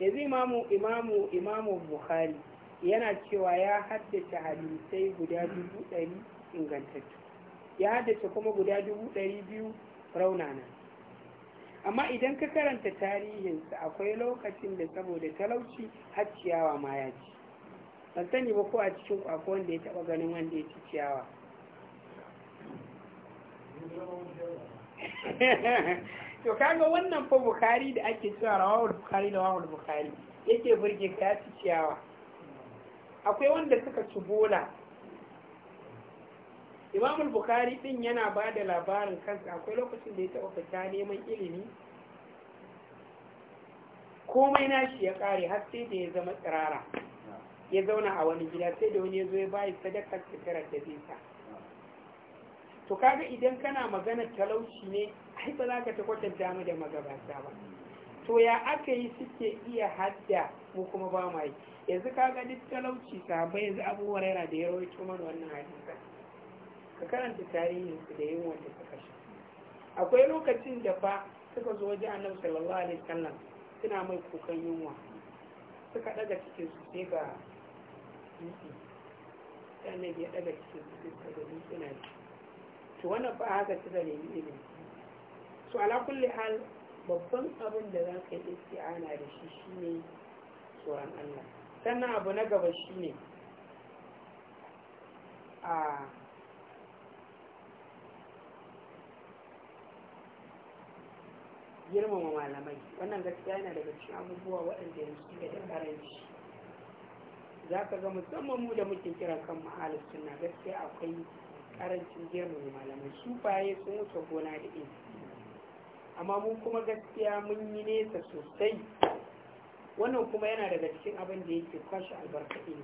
yanzu imamu imamu imamu bukhari yana cewa ya haddace hadisai guda dubu ɗari ingantattu ya haddace kuma guda dubu ɗari biyu raunana amma idan ka karanta tarihinsa akwai lokacin da saboda talauci har ciyawa ma ya ci ban sani ba ko a cikin kwakwa da ya taba ganin wanda ya ci ciyawa *laughs* to kaga wannan fa bukari da ake cewa rawawar bukari da rawawar bukari yake burge ka ci ciyawa akwai wanda suka ci bola imam bukhari din yana ba da labarin kansa akwai lokacin da ya taɓa fita neman ilimi komai nashi ya ƙare har sai da ya zama tsirara ya zauna a wani gida sai da wani ya zo ya bayi sadakar tattara da bisa to kaga idan kana magana talauci ne ai ba za ka ta kwatanta mu da magabata ba to ya aka yi suke iya hadda mu kuma ba mu yanzu kaga duk talauci sabai yanzu abubuwar yana da ya mana wannan hadisa ka karanta tarihin su da yin wanda suka sha akwai lokacin da fa suka zo wajen annabi sallallahu alaihi wasallam suna mai kukan yunwa suka daga cikin su sai ga dutse sannan ya daga cikin su sai ga dutse na to wannan ba haka suka nemi ilimi To ala kulli hal babban abin da za ka yi isti'ana da shi shine tsoron Allah sannan abu na gaba shine a girmama malamai wannan gaskiya yana daga cikin abubuwa waɗanda yanzu suke da karanci za ka ga musamman mu da muke kira kan mahalar suna gaskiya akwai karancin girmama malamai su faye sun wuce gona da ɗin amma mun kuma gaskiya mun yi nesa sosai wannan kuma yana daga cikin abin da yake kwashe albarka ne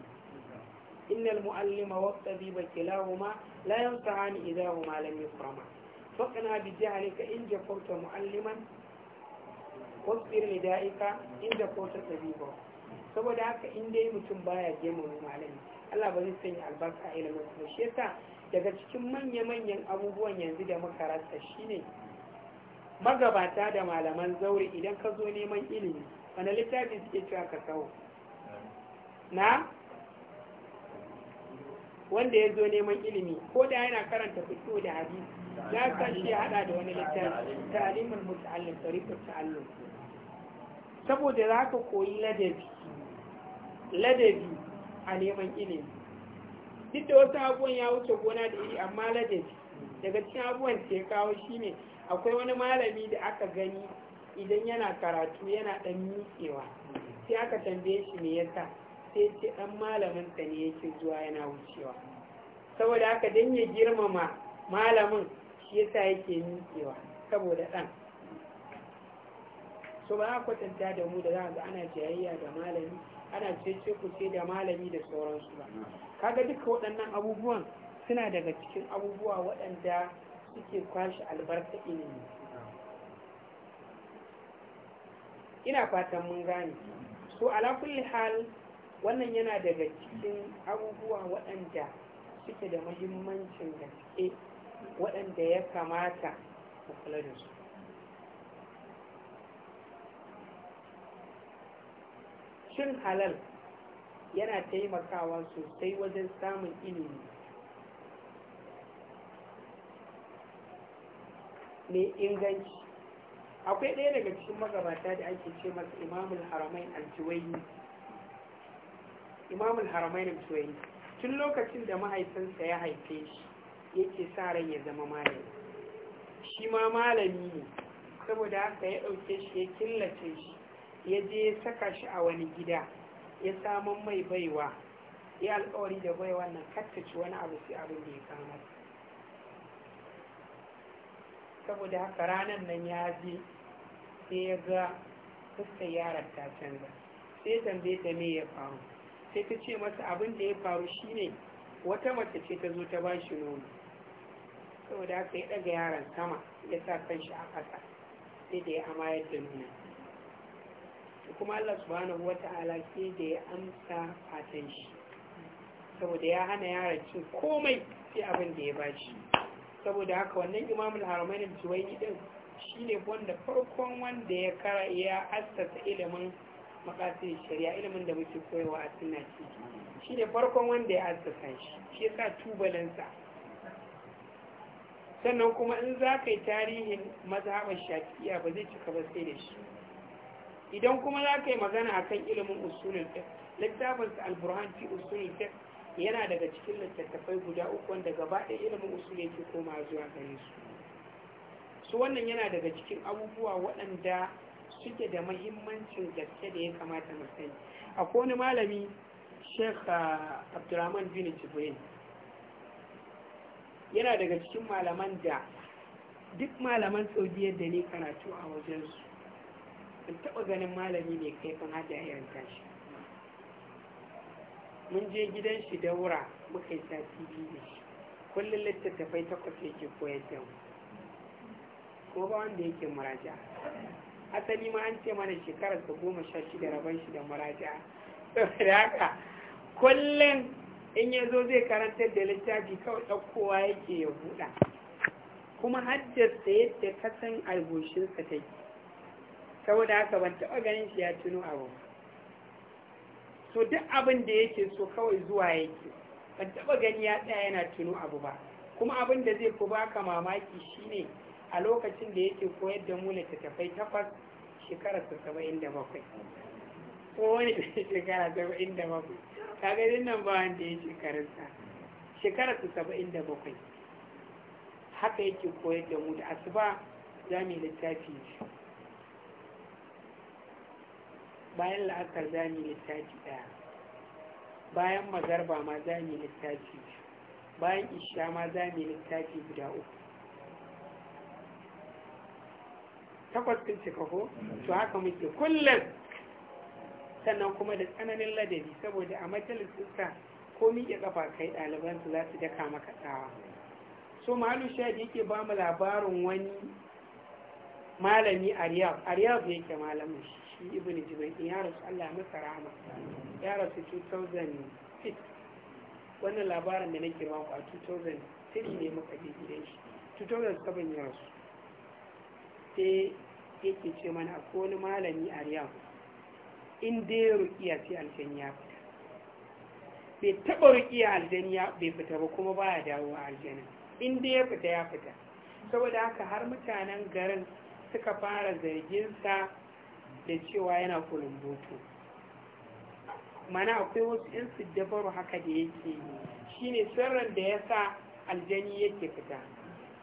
innal mu'allima wa tabiba kilahuma la yansahani idahuma lam yuframa faqna bi jahlika in jafarta mu'alliman wasbir li da'ika inda ko ta saboda haka inda dai mutum baya girmama malami Allah ba zai sanya albarka a ilimin ba shi yasa daga cikin manya-manyan abubuwan yanzu da muka rasa shine magabata da malaman zaure idan ka zo neman ilimi wani littafi suke cewa ka kawo na wanda ya zo neman ilimi ko da yana karanta fito da hadisi ya ya hada da wani littafi ta'allum saboda za ka koyi ladabi ladabi a neman ilimi duk da wasu abubuwan ya wuce gona da iri amma ladabi daga cikin abubuwan da kawo shine akwai wani malami da aka gani idan yana karatu yana dan miƙewa sai aka tambaye shi me yasa sai ce dan malamin sa ne yake zuwa yana wucewa saboda haka dan ya girmama malamin shi yasa yake miƙewa saboda ɗan so ba a kwatanta da mu da za ga ana jayayya da malami ana cece ku ce da malami da sauransu ba kaga duka waɗannan abubuwan suna daga cikin abubuwa waɗanda suke kwashe albarka ilimi ina fatan mun gane so ala kulli hal wannan yana daga cikin abubuwa waɗanda suke da muhimmancin gaske waɗanda ya kamata mu kula da su cin halal yana taimakawa sosai wajen samun ilimi mai inganci akwai ɗaya daga cikin magabata da ake ce masa imamul haramain aljuwayi imamul haramain tun lokacin da mahaifinsa ya haife shi yake sa ran ya zama malami shi ma malami ne saboda haka ya ɗauke shi ya killace shi ya je ya saka shi a wani gida ya samun mai baiwa ya alkawari da bai wannan kattace wani abu sai abin da ya kama saboda haka ranar nan ya je sai ya ga fuskar yaran ta canza sai tambaye ta me ya faru sai ta ce masa abin da ya faru shine wata mace ce ta zo ta ba shi nono saboda aka yi daga yaran sama ya sa kan shi a ƙasa sai da ya amayar yadda nuna kuma Allah subhanahu wata'ala sai da ya amsa fatan shi saboda ya hana yaran cin komai sai abin da ya bashi saboda haka wannan imamul haramain juwayi din shine wanda farkon wanda ya kara ya assasa ilimin makasir shari'a ilimin da muke koyawa a sunna shine farkon wanda ya assasa shi shi yasa tubalansa sannan kuma in za ka yi tarihin mazhabar shafi'a ba zai cika ba sai da shi idan kuma za ka yi magana a kan ilimin usulun fiqh littafinsa al-burhan fi usulun fiqh yana daga cikin littattafai guda uku wanda gaba ɗaya ilimin usul yake koma zuwa gare su su wannan yana daga cikin abubuwa waɗanda suke da mahimmancin gaske da ya kamata mu sani akwai wani malami sheikh ah, abdulrahman bin jibril yana daga cikin malaman da duk malaman saudiyar da ne karatu a wajensu in taɓa ganin malami mai kan hada irin tashi mun je gidan shi da wura muka yi sati biyu da shi kullum littattafai takwas yake koyar da mu ko ba wanda yake muraja asali ma an ce mana shekarar ta goma sha shida rabon shi da muraja saboda haka kullum in ya zo zai karantar da littafi kawai ɗaukowa yake ya buɗa kuma haddasta yadda kasan albushinsa take saboda haka ban taɓa ganin shi ya tuno abu so duk abin da yake so kawai zuwa yake ban taɓa gani ya tsaya yana tuno abu ba kuma abin da zai fi baka mamaki shine a lokacin da yake koyar da mu littattafai takwas shekara saba'in da bakwai ko wani *laughs* shekara saba'in da bakwai kaga din nan ba wanda ya shekararsa shekarar su saba'in da bakwai haka yake koyar da mu da asuba za mu yi littafi biyu bayan la'akar za mu yi littafi ɗaya bayan magarba ma za mu yi littafi biyu bayan isha ma za mu yi littafi guda uku takwas ɗin cika ko to haka muke kullum sannan kuma da tsananin ladabi saboda a majalisinsa ko miƙe ƙafa kai su za su daka maka tsawa so malu shahid yake ba mu labarin wani malami a riyab a yake malamin shi ibn jubair ya rasu allah masa rahama ya rasu 2006 wannan labarin da nake ba a 2006 ne muka je gidan shi 2007 ya rasu sai yake ce mana akwai wani malami a in dai rukiya ce aljan ya fita bai taɓa rukiya aljan ya bai fita ba kuma ba baya dawowa aljana in dai ya fita ya fita saboda haka har mutanen garin suka fara zarginsa da cewa yana kulumboto mana akwai wasu 'yan siddabaru haka da yake yi shine sirrin da ya sa aljani yake fita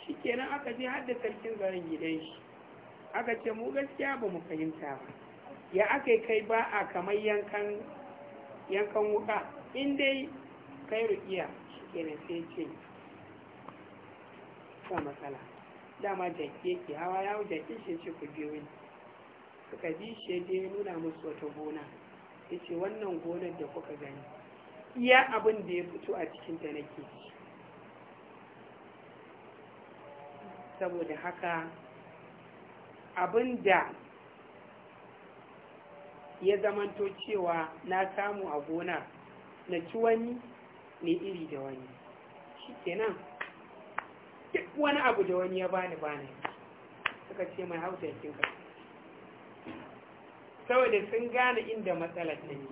shi kenan aka je har da sarkin garin gidan shi aka ce mu gaskiya ba mu fahimta ba ya aka kai ba a kamar yankan yankan wuka in dai kai rukiya shi sai ce ba matsala dama jaki yake hawa yawon jaki shi ce ku biyo ni suka bi shi je nuna musu wata gona ya ce wannan gonar da kuka gani iya abin da ya fito a cikin ta nake ci saboda haka abin da ya zamanto cewa na samu a gona na ci wani ne iri da wani shi kenan duk wani abu da wani ya bani bani suka ce mai hausa yakin ka saboda sun gane inda matsalar ta yi,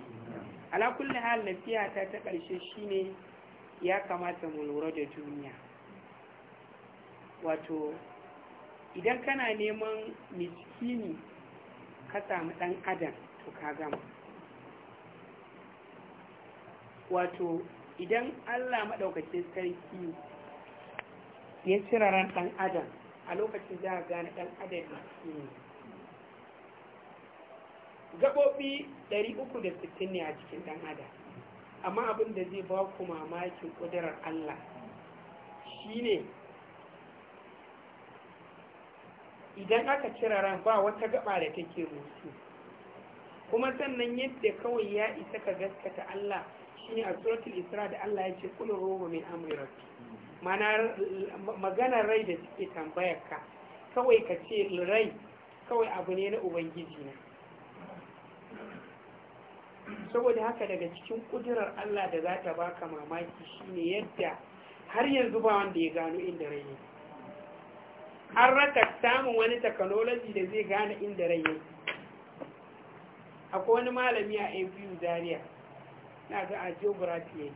ala kulli hal nasiha ta ta karshe shine ya kamata mu lura da duniya wato idan kana neman miskini ka samu ɗan adam to ka gama wato idan allah maɗaukacin sarki ya cire ran ɗan adam a lokacin za a gane ɗan adam ne gaɓoɓi 360 ne a cikin ɗan adam amma abin da zai ba ku mamakin ƙudurar allah shine idan aka cire ran ba wata gaba da take musu kuma sannan yadda kawai ya isa ka gaskata Allah shi ne a suratul isra da Allah ya ce kullu ruhu min amri rabbi mana magana rai da suke tambayar ka kawai ka ce rai kawai abu ne na ubangiji na saboda haka daga cikin kudurar Allah da za ta baka mamaki shine yadda har yanzu ba wanda ya gano inda rai yake an raka samun wani technology da zai gane inda rai yake akwai wani malami a abu zaria na ga a geography ya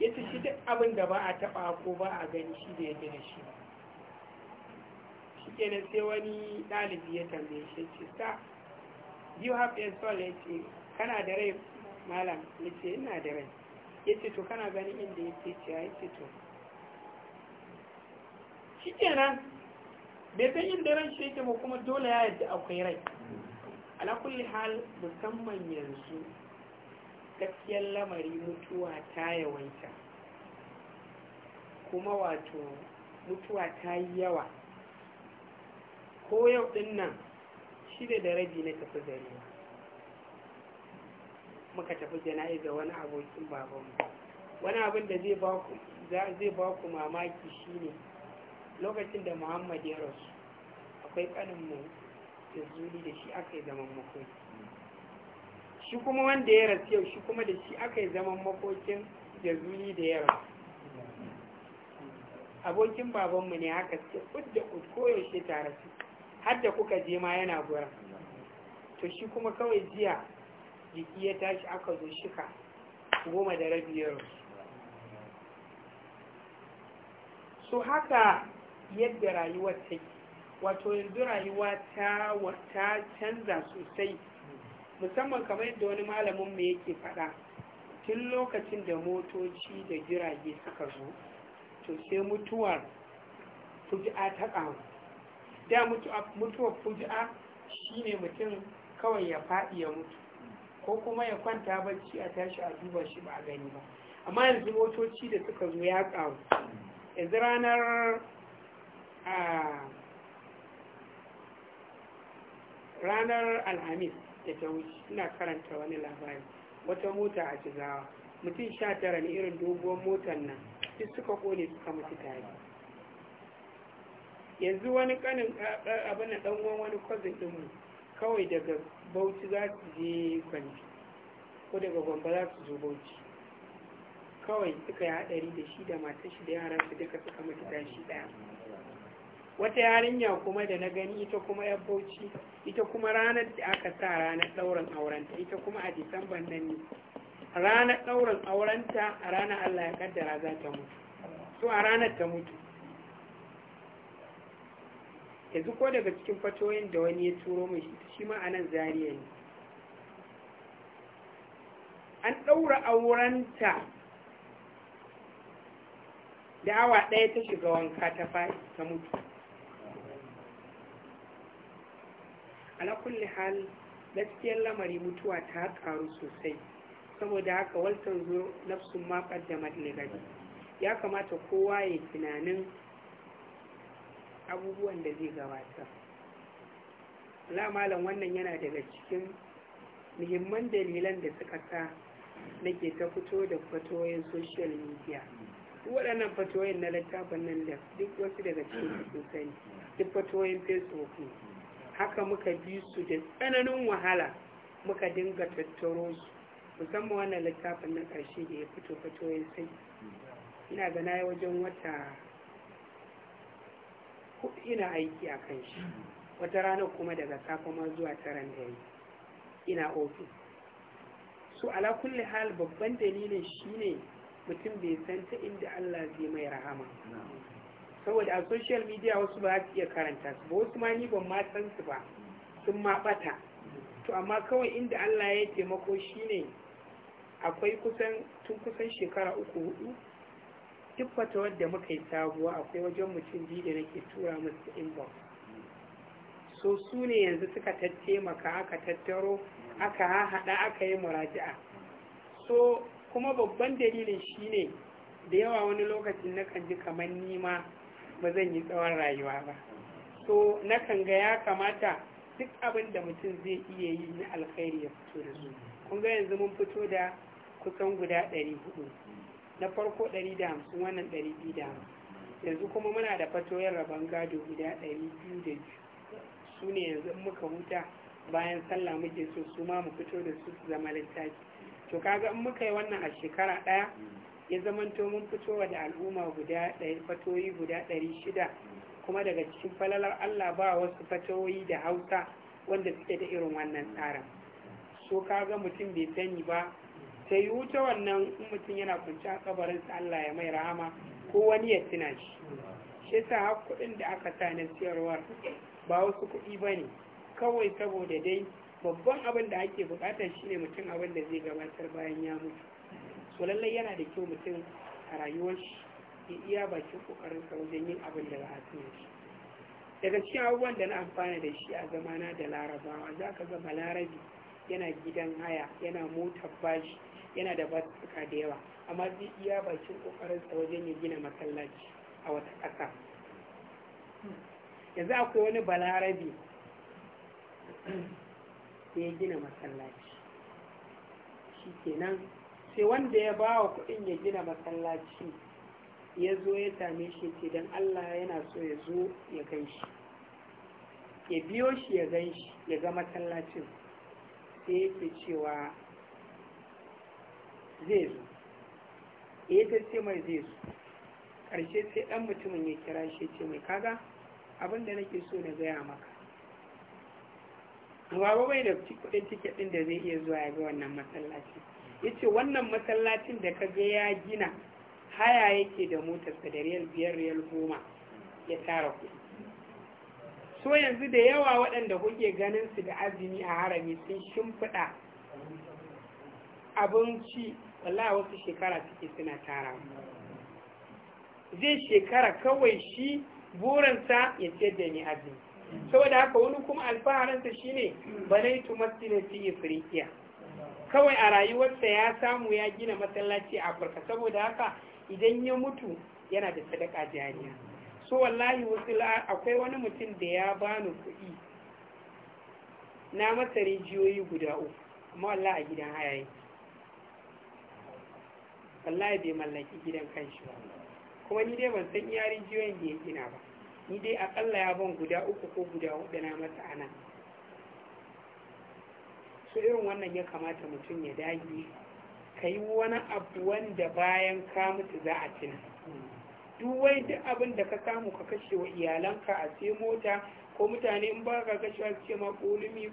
yi ya ci shi duk abin da ba a taɓa ko ba a gani shi da ya gina shi shi nan sai wani dalibi ya tambaye shi ce sa you have a soul ya ce kana da rai malam ya ce ina da rai ya ce to kana ganin inda ya ce ciya ya ce to shi nan bai san inda ran shi yake ba kuma dole ya yadda akwai rai ala kulli hal musamman yanzu gaskiyar lamari mutuwa ta yawaita kuma wato mutuwa ta yi yawa ko yau din nan shida da rabi na tafi zarewa muka tafi ga wani abokin babanmu wani abin da zai ba ku mamaki shine lokacin da muhammad ya rasu akwai kaninmu tazuli da shi aka yi zaman makoki shi kuma wanda ya rasu yau shi kuma da shi aka yi zaman makokin jazuli da ya rasu abokin babanmu ne haka suke kudda koyaushe tare su har da kuka je ma yana gura to shi kuma kawai jiya jiki ya tashi aka zo shika goma da rabi ya Su haka yadda rayuwar take wato yanzu rayuwa ta wata canza sosai musamman kamar yadda wani malamin mu yake faɗa tun lokacin da motoci da jirage suka zo to sai mutuwar fuji'a ta kawo da mutuwar fuji'a ne mutum kawai ya faɗi ya mutu ko kuma ya kwanta bacci a tashi a duba shi ba a gani ba amma yanzu motoci da suka zo ya kawo yanzu ranar a ah, ranar alhamis da ta wuce ina karanta wani labari wata mota a cizawa. mutum sha tara ne irin doguwar motar nan duk suka kone suka mutu tare yanzu wani kanin abin da uwan wani kwazin ɗinmu kawai daga bauchi za su je kwanci ko daga gwamba za su zo bauchi kawai suka yi haɗari da shi da matashi da yaran su duka suka mutu tashi ɗaya wata yarinya kuma da na gani ita kuma ya bauchi ita kuma ranar da aka sa ranar ɗaurin aurenta ita kuma a disamban nan ne ranar ɗaurin aurenta a ranar allah ya kaddara za ta mutu so a ranar ta mutu yanzu ko daga cikin fatoyin da wani ya turo mai shi ma a nan zariya ne an ɗaura aurenta da awa ɗaya ta shiga wanka ta mutu ala kulli hal gaskiyar lamari mutuwa ta karu sosai saboda haka waltan zo nafsun ma qaddamat li ya kamata kowa ya tunanin abubuwan da zai gabata la malam wannan yana daga cikin muhimman dalilan da suka sa nake ta fito da fatoyin social media waɗannan fatoyin na littafin nan da duk wasu daga cikin su duk fatoyin facebook ne haka muka bi su da tsananin wahala muka dinga tattaro su musamman wannan littafin na ƙarshe da ya fito fito ya sai ina ga na wajen wata ina aiki a kan shi wata rana kuma daga safa ma zuwa taran dare ina ofis Su ala hal babban dalilin shine mutum bai san ta inda Allah zai mai rahama saboda a social media wasu ba su iya karanta su ba wasu ma ni ban ma san su ba sun ma bata to amma kawai inda Allah ya taimako shine akwai kusan tun kusan shekara uku hudu duk wata wadda muka yi sabuwa akwai wajen mutum biyu da nake tura musu inbox so su ne yanzu suka tattaimaka aka tattaro aka haɗa aka yi muraja'a so kuma babban dalilin shine da yawa wani lokacin na kan ji kamar nima ba zan yi tsawon rayuwa ba so nakan ga ya kamata duk abin da mutum zai iya yi na alkhairi ya fito da su kun ga yanzu mun fito da kusan guda 400 na farko 150 wannan hamsin. yanzu kuma muna da yin rabon gado guda biyu. su ne yanzu muka huta bayan sallah muke so su ma mu fito da su su zama littafi to kaga in muka yi wannan a shekara ɗaya ya zamanto mun fitowa da al'umma guda ɗari fatoyi guda ɗari shida kuma daga cikin falalar Allah ba wasu fatoyi da hausa wanda suke da irin wannan tsarin so ga mutum bai sani ba ta yi wuta wannan in mutum yana kwanci a kabarinsa Allah ya mai rahama ko wani ya tuna shi shi sa har kuɗin da aka sa na siyarwar ba wasu kuɗi ba ne kawai saboda dai babban abin da ake buƙatar shine mutum abin da zai gabatar bayan ya mutu to lallai yana da kyau mutum a rayuwar shi ya iya bakin sa wajen yin abin da ba a shi daga cikin abubuwan da na amfana da shi a zamana da larabawa za ka ga balarabi yana gidan haya yana motar bashi yana da batuka da yawa amma zai iya bakin sa wajen ya gina masallaci a wata ƙasa yanzu akwai wani balarabi ya gina masallaci shi kenan sai wanda ya ba wa kuɗin ya gina masallaci ya zo ya same shi ce don Allah yana so ya zo ya gan shi ya biyo shi ya gan shi ya ga masallacin sai yake cewa zai zo ya ta ce mai zai zo ƙarshe sai ɗan mutumin ya kira shi ce mai kaga abin da nake so na gaya maka ruwa bai da kuɗin tiket ɗin da zai iya zuwa ya ga wannan masallacin yace wannan masallacin da ka ga ya gina haya yake da motarsa da riyal biyar riyal goma ya tara kuɗi so yanzu da yawa waɗanda kuke ganin su da azumi a harami sun shimfiɗa abinci wallahi wasu shekara suke suna tara zai shekara kawai shi burinsa ya ciyar da ni azumi saboda haka wani kuma alfaharinsa shine banaitu masjidin fi ifriqiya kawai a rayuwarsa ya samu ya gina masallaci a afirka saboda haka idan ya mutu yana da sadaka jariya so wallahi wasu akwai wani mutum da ya bani kuɗi na masa rijiyoyi guda uku amma wallahi a gidan haya yake wallahi bai mallaki gidan kanshi ba kuma ni dai ban san iya rijiyoyin da ya gina ba ni dai akalla ya ban guda uku ko guda hudu na masa anan su irin wannan ya kamata mutum ya dage ka yi wani abu wanda bayan ka mutu za a tuna duk wai duk abin da ka samu ka kashe wa iyalanka a sai mota ko mutane in ba ka kashe wa ce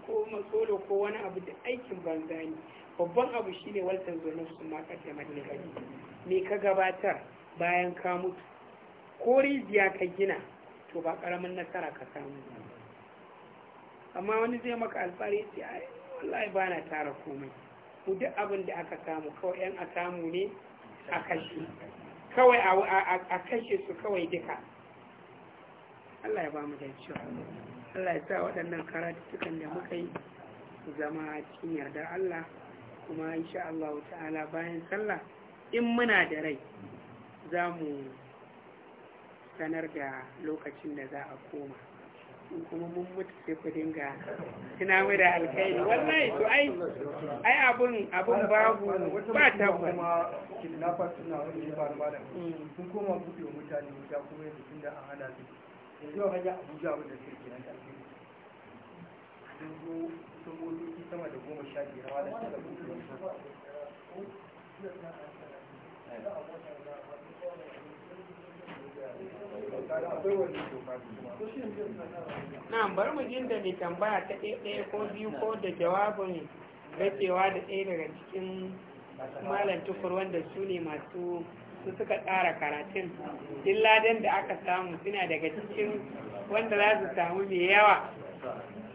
ko masolo ko wani abu da aikin banza ne babban abu shine waltan zonar su ma kashe mahimmanci me ka gabatar bayan ka mutu ko rijiya ka gina to ba karamin nasara ka samu amma wani zai maka alfahari ce wallahi ba na tara komai mu duk abin da aka samu kawai yan a samu ne a kashe kawai a kashe su kawai duka Allah ya ba mu da cewa Allah ya sa waɗannan karatukan da muka yi zama cikin yarda Allah kuma insha Allah ta'ala bayan sallah in muna da rai za mu sanar da lokacin da za a koma kuma mun mutu sai ku dinga tuna mu da alkhairi wallahi to ai ai abun abun babu ba ta kuma kidnappers suna wani ba da mm. sun koma buɗe wa mutane wuta kuma yanzu tun da an hana su yanzu a kaga Abuja wanda suke kenan karfi sun zo sun motoci sama da goma sha biyar ma da suka buɗe wuta na bari mu jin da mai tambaya ta ɗaya ko biyu ko da jawabin rakewa da ɗaya daga cikin malam tukur wanda su ne masu su suka tsara karatun ladan da aka samu suna daga cikin wanda za su samu mai yawa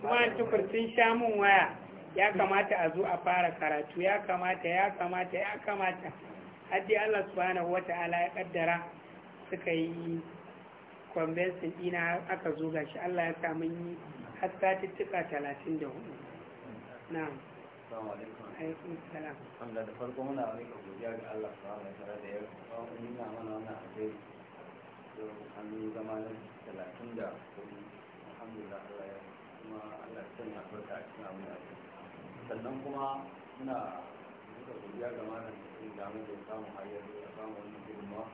kuma tukur sun sha mun waya ya kamata a zo a fara karatu ya kamata ya kamata ya kamata haddi Allah subhanahu ala ya kaddara suka yi kwambensin dina aka zo gashi Allah ya samu yi har satuttuka talatin da hudu na alaikun salam wanda da farko muna alaika godiya ga Allah su hawa tare da yau kawai nuna mana wannan alheri da an yi zama na talatin da hudu alhamdulillah Allah ya kuma Allah ya sanya albarka a cikin abin da sannan kuma muna duka godiya ga malam da damu da samu har yanzu a samu wani gudunmawa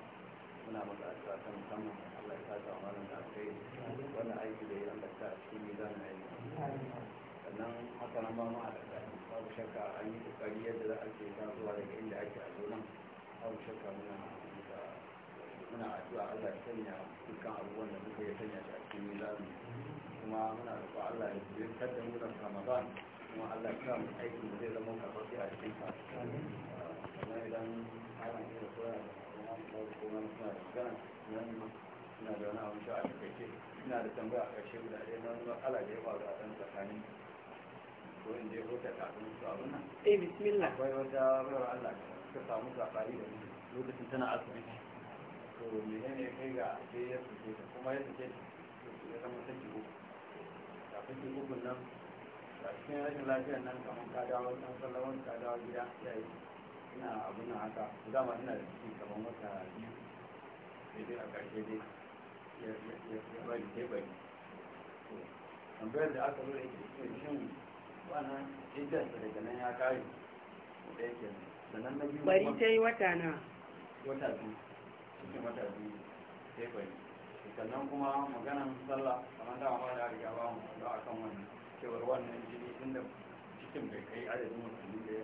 muna maka addu'a ta musamman Allah ya saka wa malam da yi wannan aiki da ya Allah ta cikin mizanin aiki sannan haka nan ba mu a babu shakka an yi kokari yadda za a ce zuwa daga inda ake a zonan babu shakka muna muna addu'a Allah ya sanya dukkan abubuwan da muka ya sanya shi a cikin mizanin kuma muna roƙo Allah ya biyo kada mu kama ba kuma Allah ya sa aikin da zai zama karɓaɓɓe a cikin sa sannan idan ana iya koyar da ina da wani abin sha'a takaice ina da tambaya a ƙarshe guda ɗaya na wani ala da ya faru a ɗan tsakani ko in je hota kafin su abin nan eh bismillah akwai wata bayar allah ta samu zaɓari da lokacin tana asibiti to menene ya kai ga sai ya suke ta kuma ya suke ya zama saki uku kafin ki uku nan a cikin rashin lafiyar nan kamar ka dawo ɗan sallawar ka ya yi ina abu na haka dama ina da ciki kamar wata biyu daidai a ƙarshe dai ya bari sai bari tambayar da aka zo da ke cikin shin wannan idan daga nan ya kare da yake sannan na biyu bari ta yi wata na wata biyu cikin wata biyu sai bari sannan kuma maganan sallah kamar da amma da riga ba mu da akan wannan cewar wannan jini inda cikin bai kai adadin musulmi da ya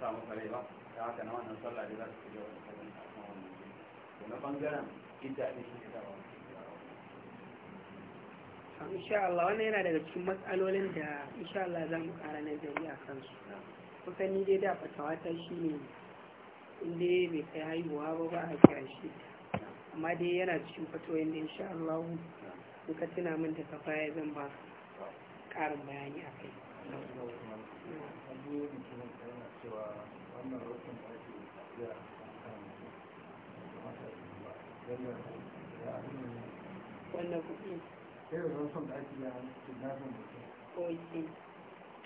samu kare ba ta haka na wannan sallah da za su fi da wani sabon a kan wannan jini to na bangaren idda ne shi ke dawa insha Allah wannan yana daga cikin matsalolin da insha Allah za mu ƙara nazari a kansu kusan ni dai da fatawa ta shi ne inda bai kai haihuwa ba ba a kira shi amma dai yana cikin fatoyin da insha Allah in ka tuna min da ka baya zan ba ƙarin bayani a kai. wannan kuɗi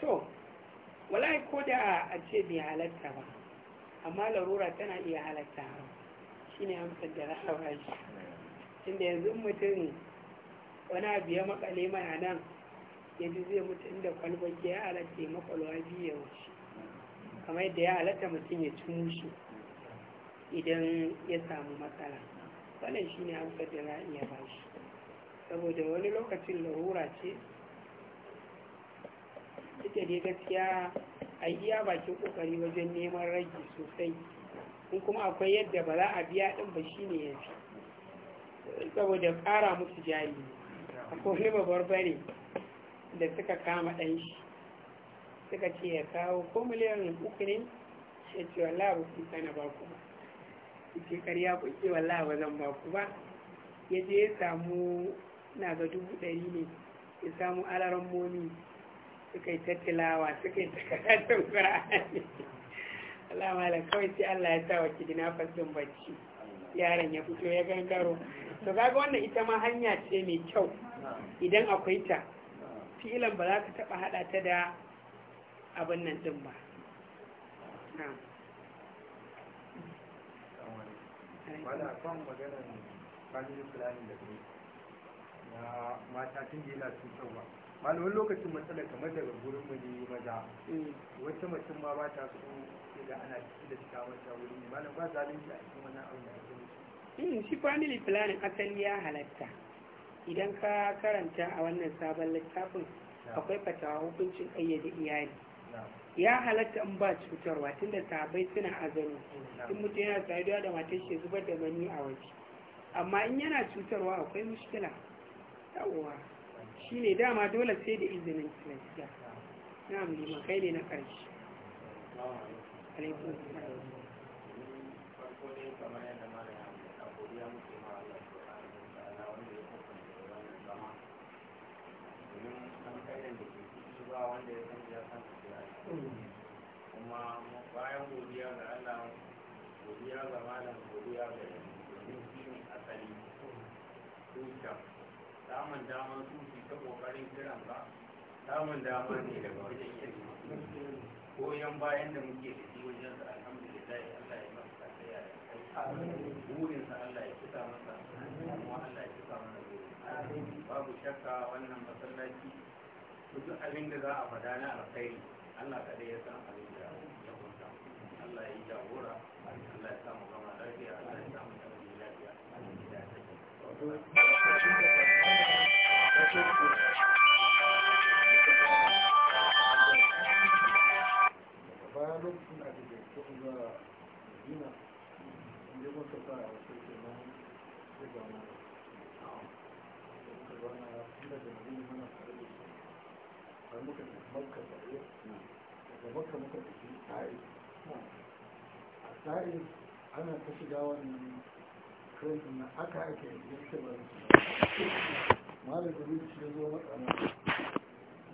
to wallahi ko da a ce bai halatta ba amma larura tana iya halatta amsar da a shi inda yanzu mutum wani abu ya makale mana nan yanzu zai mutu da kwalbar ya halatta makwalwa biyu ya wuce kamar da ya halatta mutum ya ci shi idan ya samu matsala wannan shi ne amsar da za a iya ba shi saboda wani lokacin larura ce ita dai gaskiya a iya bakin kokari wajen neman ragi sosai in kuma akwai yadda ba za a biya din ba shi ne ya fi saboda kara musu jari akwai babbar bari da suka kama ɗanshi. suka ce ya kawo ko miliyan uku ne ya ce wallah ba ku sana ba ku ba ce karya ku ce wallah ba zan ba ku ba ya je ya samu na ga dubu ɗari ne ya samu alaran momi suka yi tattalawa, suka yi takaratun ƙura'ani Allah malam kawai sai Allah ya sa wa kidina fasin bacci yaron ya fito ya gangaro to kaga wannan ita ma hanya ce mai kyau idan akwai ta filan ba za ka taɓa haɗa ta da abin nan din ba wala kan maganar family planning da ne na mata da yana malamin lokacin matsala kamar daga gurin mu ne maza mm. wata mutum ma ba ta so idan ana da ta wata wuri ne malam ba zalunci a cikin wannan abu da ake musu mm, shi family planning asali ya halatta idan ka karanta a wannan sabon littafin akwai fatawa hukuncin ayyade iyali ya halatta in ba cutarwa tunda sahabbai suna azumi in mutum yana saduwa da matar shi zubar da mani a waje amma in yana cutarwa akwai mushkila yawwa shi ne dama dole sai da izinin lafiya na mulima makai ne na ƙarshe wanda ya san ya san kuma bayan godiya ga Allah godiya ga malam godiya ga domin shi ne asali tushen samun damar tushi ta kokarin kiran ba samun damar ne daga wajen yanzu goyon bayan da muke da shi wajen sa alhamdulillah Allah ya masa tsaya burin sa Allah ya fita masa kuma Allah ya fita masa burin babu shakka wannan masallaci duk abin da za a faɗa na alkhairi Allah kaɗai ya san abin da ya kunta Allah ya yi jagora Allah ya samu gama lafiya Allah ya samu jami'in lafiya bayan lokacin a da kuma gina inda kun sauka a wasu ke nan sai ga mana da kuka zauna tun da jami'in mana tare da su har muka tafi makka tare daga makka muka tafi sa'i a sa'i ana ta shiga wani kirkin na aka ake yanke ba da shi malam da shi ya zo matsala ka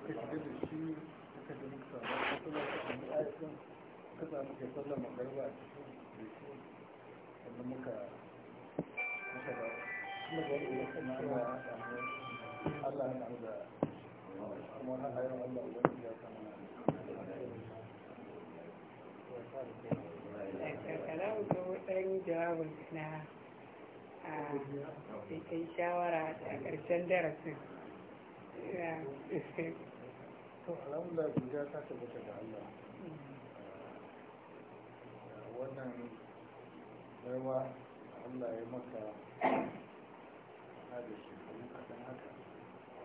shiga da shi ka ji muka samu kuma ka samu ayatun ka samu kai sallar magarba a cikin sannan muka muka ba kuma da wani wasu na Allah ya samu da kalau ga waɗannan jawabin na a cikin shawara a ƙarshen darasin to alhamdulillah guda ta tabbata da Allah wannan baiwa Allah ya maka na da shekaru kaɗan haka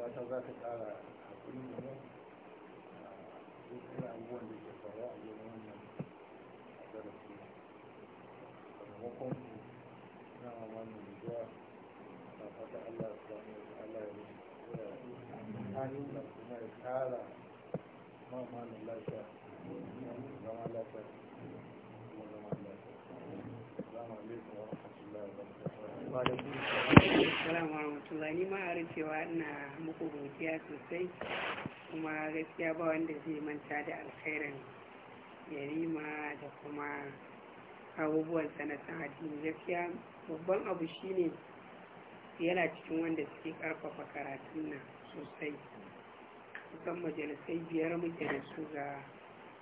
fata za ta ƙara hakuri da mu dukkan abubuwan da ke faruwa a yau wannan darasi sakamakon na mamman da zuwa na fata Allah su zama da Allah ya rushe da da kuma ya ƙara mamman lafiya zama lafiya kuma zama lafiya. zama lafiya wa rahmatullahi wa barakatuh. Salamu warahmatullahi ni ma a cewa ina muku godiya sosai kuma gaskiya ba wanda zai manta da alkhairan yarima da kuma abubuwan sanatan addini gaskiya babban abu shine yana cikin wanda suke karfafa karatun nan sosai kusan majalisai biyar muke da su ga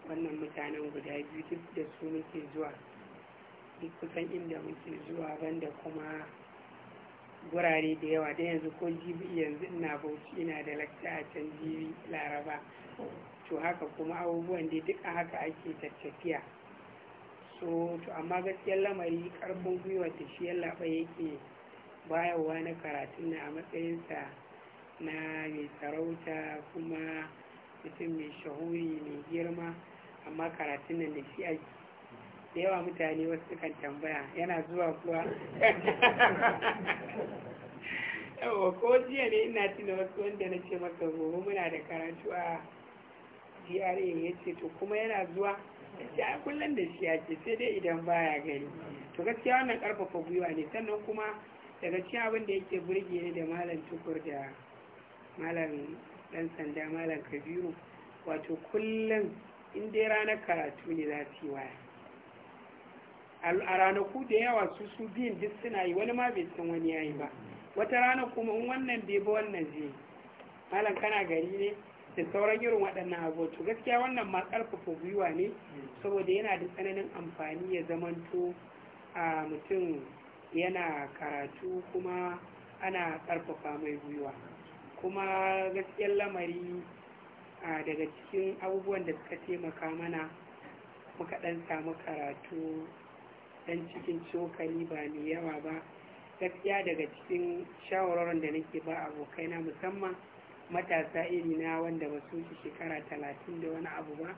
wannan mutanen guda biyu duk da su muke zuwa duk kusan inda muke zuwa banda kuma gurare da yawa da yanzu ko jibi e yanzu ina bauchi ina da lakta a can jibi e laraba to haka kuma abubuwan da duk a haka ake tattafiya so to amma gaskiyar lamari karfin gwiwa ta shi yallaba yake bayarwa na karatun na a matsayinsa na mai sarauta kuma mutum mai shahuri mai girma amma karatun nan da shi ake da yawa mutane wasu sukan tambaya yana zuwa kuwa yawa ko jiya ne ina tuna wasu wanda na ce maka gobe muna da karatu a gra ya ce to kuma yana zuwa ce a kullum da shi ake sai dai idan baya gani to gaskiya wannan karfafa gwiwa ne sannan kuma daga cikin abin da yake burge ne da malam tukur da malam dan sanda malam kabiru wato kullum in dai ranar karatu ne za su yi waya a ranaku da yawa su su biyun duk suna yi wani ma bai san wani yayi ba wata rana kuma in wannan bai ba wannan zai malam kana gari ne da sauran irin waɗannan abotu gaskiya wannan ma ƙarfafa gwiwa ne saboda yana da tsananin amfani ya zamanto a mutum yana karatu kuma ana ƙarfafa mai gwiwa kuma gaskiyar lamari daga cikin abubuwan da suka taimaka mana muka ɗan samu karatu Idan cikin cokali ba mai yawa ba gaskiya daga cikin shawararren da nake ba abokaina musamman matasa iri na wanda ba su shekara talatin da wani abu ba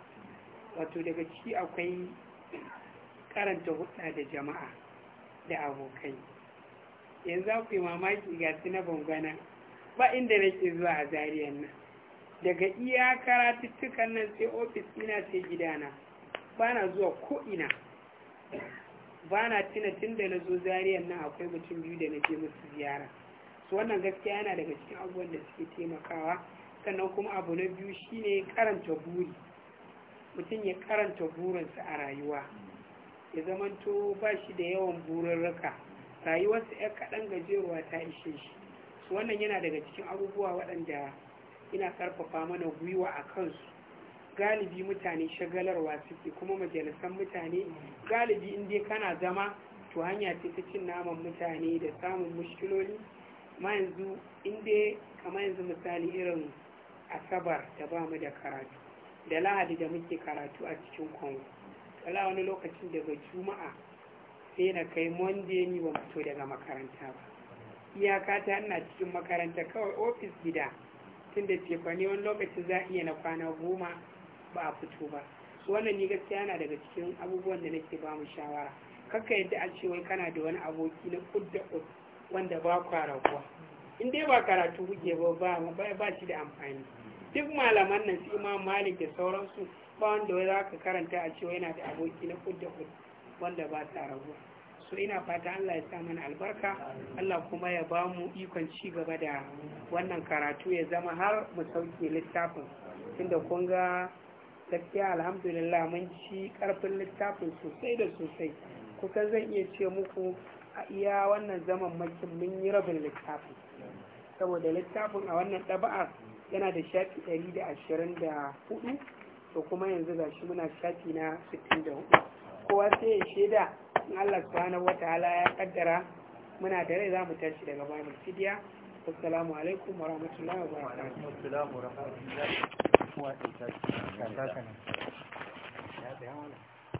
wato daga ciki akwai karanta hudda da jama'a da abokai yanzu za ku yi mamaki ga su na bangana ba inda nake zuwa a zariyan nan daga iya karatuttukan nan sai ofis ina sai gidana ba na zuwa ko'ina ba na tuna tun da na zo zariyan nan akwai mutum biyu da na je musu ziyara su wannan gaskiya yana daga cikin abubuwan da suke taimakawa sannan kuma abu na biyu shine karanta buri mutum ya karanta burinsa a rayuwa ya zamanto ba shi da yawan bururruka rayuwarsa ya kaɗan gajeruwa ta ishe shi su wannan yana daga cikin abubuwa waɗanda ina karfafa mana gwiwa a kansu galibi mutane shagalarwa suke kuma majalisan mutane galibi inda kana zama to hanya ce ta cin naman mutane da samun mushkiloli ma yanzu inda kama yanzu misali irin asabar da ba mu da karatu da lahadi da muke karatu a cikin kwanwa kala wani lokacin daga juma'a sai na kai monday ni ba fito daga makaranta ba iyaka ta ina cikin makaranta kawai ofis gida tun da cefane wani lokacin za a iya na kwana goma ba a fito ba wannan ni gaskiya yana daga cikin abubuwan da nake ba mu shawara kakka yadda a ce kana da wani aboki na kudda wanda ba ku rabuwa in dai ba karatu kuke ba ba ba shi da amfani duk malaman nan su imam malik da sauransu ba wanda wai za ka karanta a cewa yana da aboki na kudda wanda ba ta rabuwa so ina fata Allah ya sa mana albarka Allah kuma ya ba mu ikon ci gaba da wannan karatu ya zama har mu sauke littafin tunda kun ga gaskiya alhamdulillah mun ci karfin littafin sosai da sosai kusan zan iya ce muku a iya wannan zaman makin mun yi rabin littafin saboda littafin a wannan ɗaba'ar yana da shafi 124 to kuma yanzu ga shi muna shafi na 64 kowa sai ya shaida in Allah subhanahu wataala ya kaddara muna da rai za mu tashi daga bayan fidiya assalamu alaikum wa rahmatullahi wa barakatuh kowa ɗaya ta